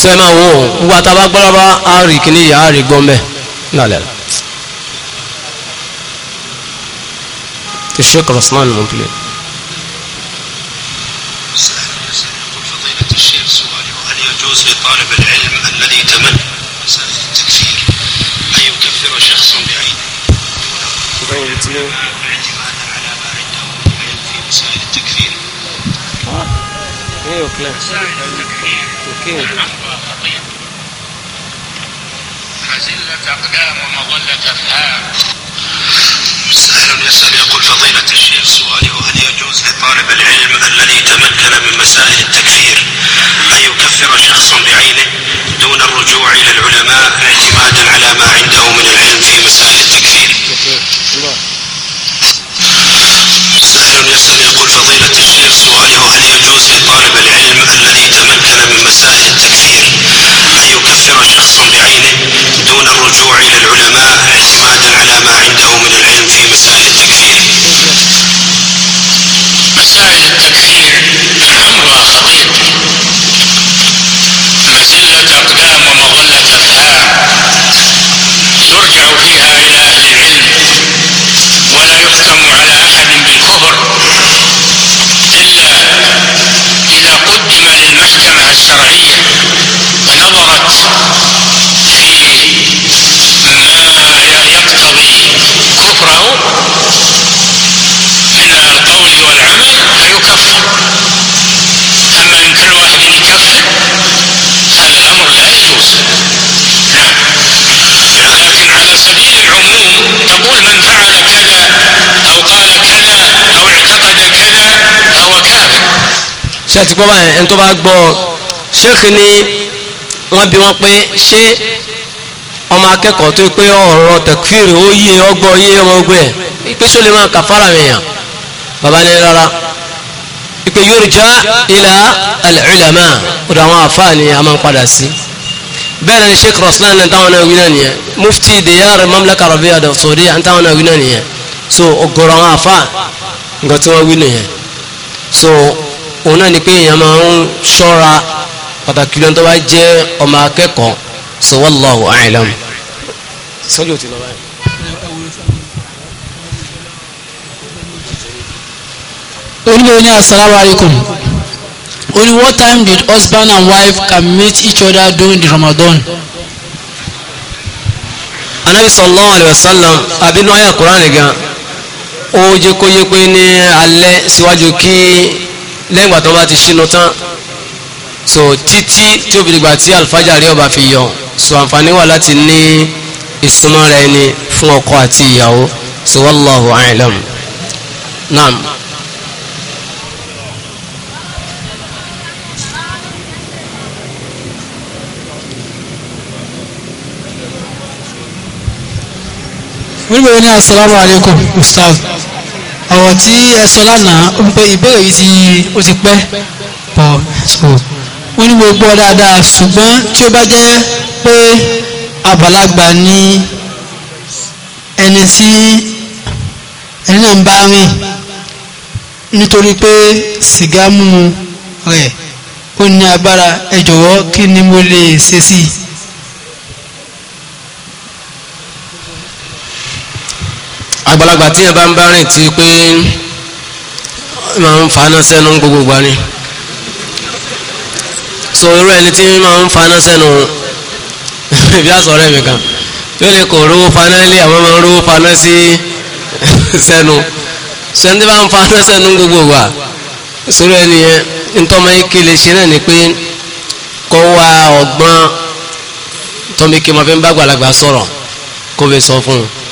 A: sọ ẹ máa wò ó wúwa tá a bá gbọ́dọ̀ bá a rì kíní yà á rì gbọ́n bẹ́ẹ̀ nàlẹ́ الشيخ عثمان المبلي
D: فضيلة الشيخ سؤالي هل يجوز لطالب العلم الذي تمنى مسألة التكفير أن يكفر شخص بعينه؟ اوكي وكلاش
C: اوكي
B: خزلة أقدام ومظلة
D: أفهام سائل يسأل يقول فضيلة الشيخ سؤاله هل يجوز لطالب العلم الذي تمكن من مسائل التكفير أن يكفر شخصا بعينه دون الرجوع إلى العلماء اعتمادا على ما عنده من العلم في مسائل التكفير
C: الله
A: sẹ́ẹ̀tì gbọ́ báyìí ẹni tó bá gbọ́ ṣéèkì ni wọ́n bi wọ́n pé ṣé ọmọ akẹ́kọ̀ọ́ tó pé ọ̀rọ̀ tẹ̀kfíìrì ó yé ọgbọ́ yé ọmọ ogun ẹ̀ pé sólè máa kàfàrà mìíràn bàbá ní rárá ìpè yorùjá ilà al ọ̀dọ̀ àwọn àfáà ni a máa ń padà sí bẹ́ẹ̀ náà ni sheikh raslan náà táwọn náà wí nìyẹn mufti diyar mamlaka arabiya da saudiya táwọn náà wí nìyẹn so ọ̀gọ̀rọ̀ àwọn àfáà nǹkan tí wọ́n wí nìyẹn so òun náà ni pé èèyàn máa ń ṣọ́ra pàtàkì lóun tó bá jẹ́ ọmọ akẹ́kọ̀ọ́ so wallahu a'lam. sọ́jọ́
D: asalaamu alaykum only what time did husband and wife can meet each other during the Ramadan.
A: anabi sallallahu alayhi wa sallam abinu aya Qur'an gan O jẹ́ kó yé pé ní alẹ́ síwájú kí lẹ́yìn ìgbà tó bá ti sínú tán so títí tí obìnrin gbà tí alfajari ọba fi yọ so àǹfààní wà láti ní ìsúnmọ́ rẹ ni fún ọkọ àti ìyàwó so wallahu a'lam naam.
D: wíwèé ní asalaamualeykum ustaz ọ̀rọ̀ tí ẹ sọ lánàá ó ń pẹ́ ìbéèrè yìí ti ó ti pẹ́ pọ̀ so wọ́n ní mo gbọ́ dáadáa ṣùgbọ́n tí ó bá jẹ́ pé àgbàlagbà ni ẹni sí ẹni náà ń bá rìn nítorí pé sìgá mímu rẹ̀ ó ní agbára ẹ jọ̀wọ́ kí ni
A: mo lè ṣe sí i. àgbàlagbà tí ẹ bá ń bá rìn tí pé máa ń faná sẹ́nu gbogbo gbà ni so irú ẹni tí máa ń faná sẹ́nu bí a sọ̀rọ̀ ẹ̀mí kan yóò ní kò rówó faná ilé àwọn máa ń rówó faná sí sẹ́nu sẹ́ni tí bá ń faná sẹ́nu gbogbo gbà sórí ẹni yẹn ntọ́mọ yìí kele ṣe náà ni pé kọ́ wá ọgbọ́n tọ́mọ yìí kí n máa fi ń bá àgbàlagbà sọ̀rọ̀ kó fi sọ fún un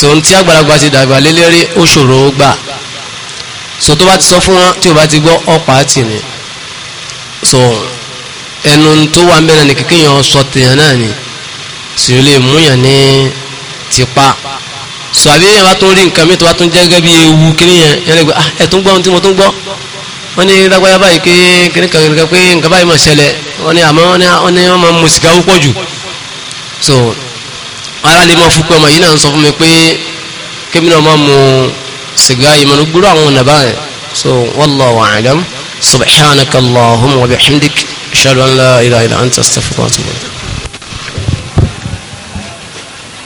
A: so n tí àgbàlagbà ti dàgbà lélẹ́rí ó ṣòro ó gbà so tó bá ti sọ fún wọn tí o bá ti gbọ́ ọ̀pá tì ní so ẹnu tó wà mẹ́rin ni kékeré yẹn sọ tèèyàn náà ni sì lè mú yàn ní tipa so àbí yẹn bá tún rí nǹkan mi tó bá tún jẹ́ gẹ́gẹ́ bí ewu kiri yẹn yẹn lè gbé ah ẹ̀ tún gbọ́ ohun tí mo tún gbọ́ wọ́n ní lágbáyà báyìí pé kiri kan kan pé nǹkan báyìí mọ̀ ṣẹlẹ̀ wọ́n ní àmọ́ wọ́n ní wọ́n máa mú sìgá púpọ̀ jù so ara lè mọ fún pé ọmọ yìí náà ń sọ fún mi pé kébí náà máa mu sìgá yìí gbúrò àwọn ọ̀nà báyìí so wallahu a'lam subhanaka allahumma wa bihamdik ashhadu an la ilaha illa anta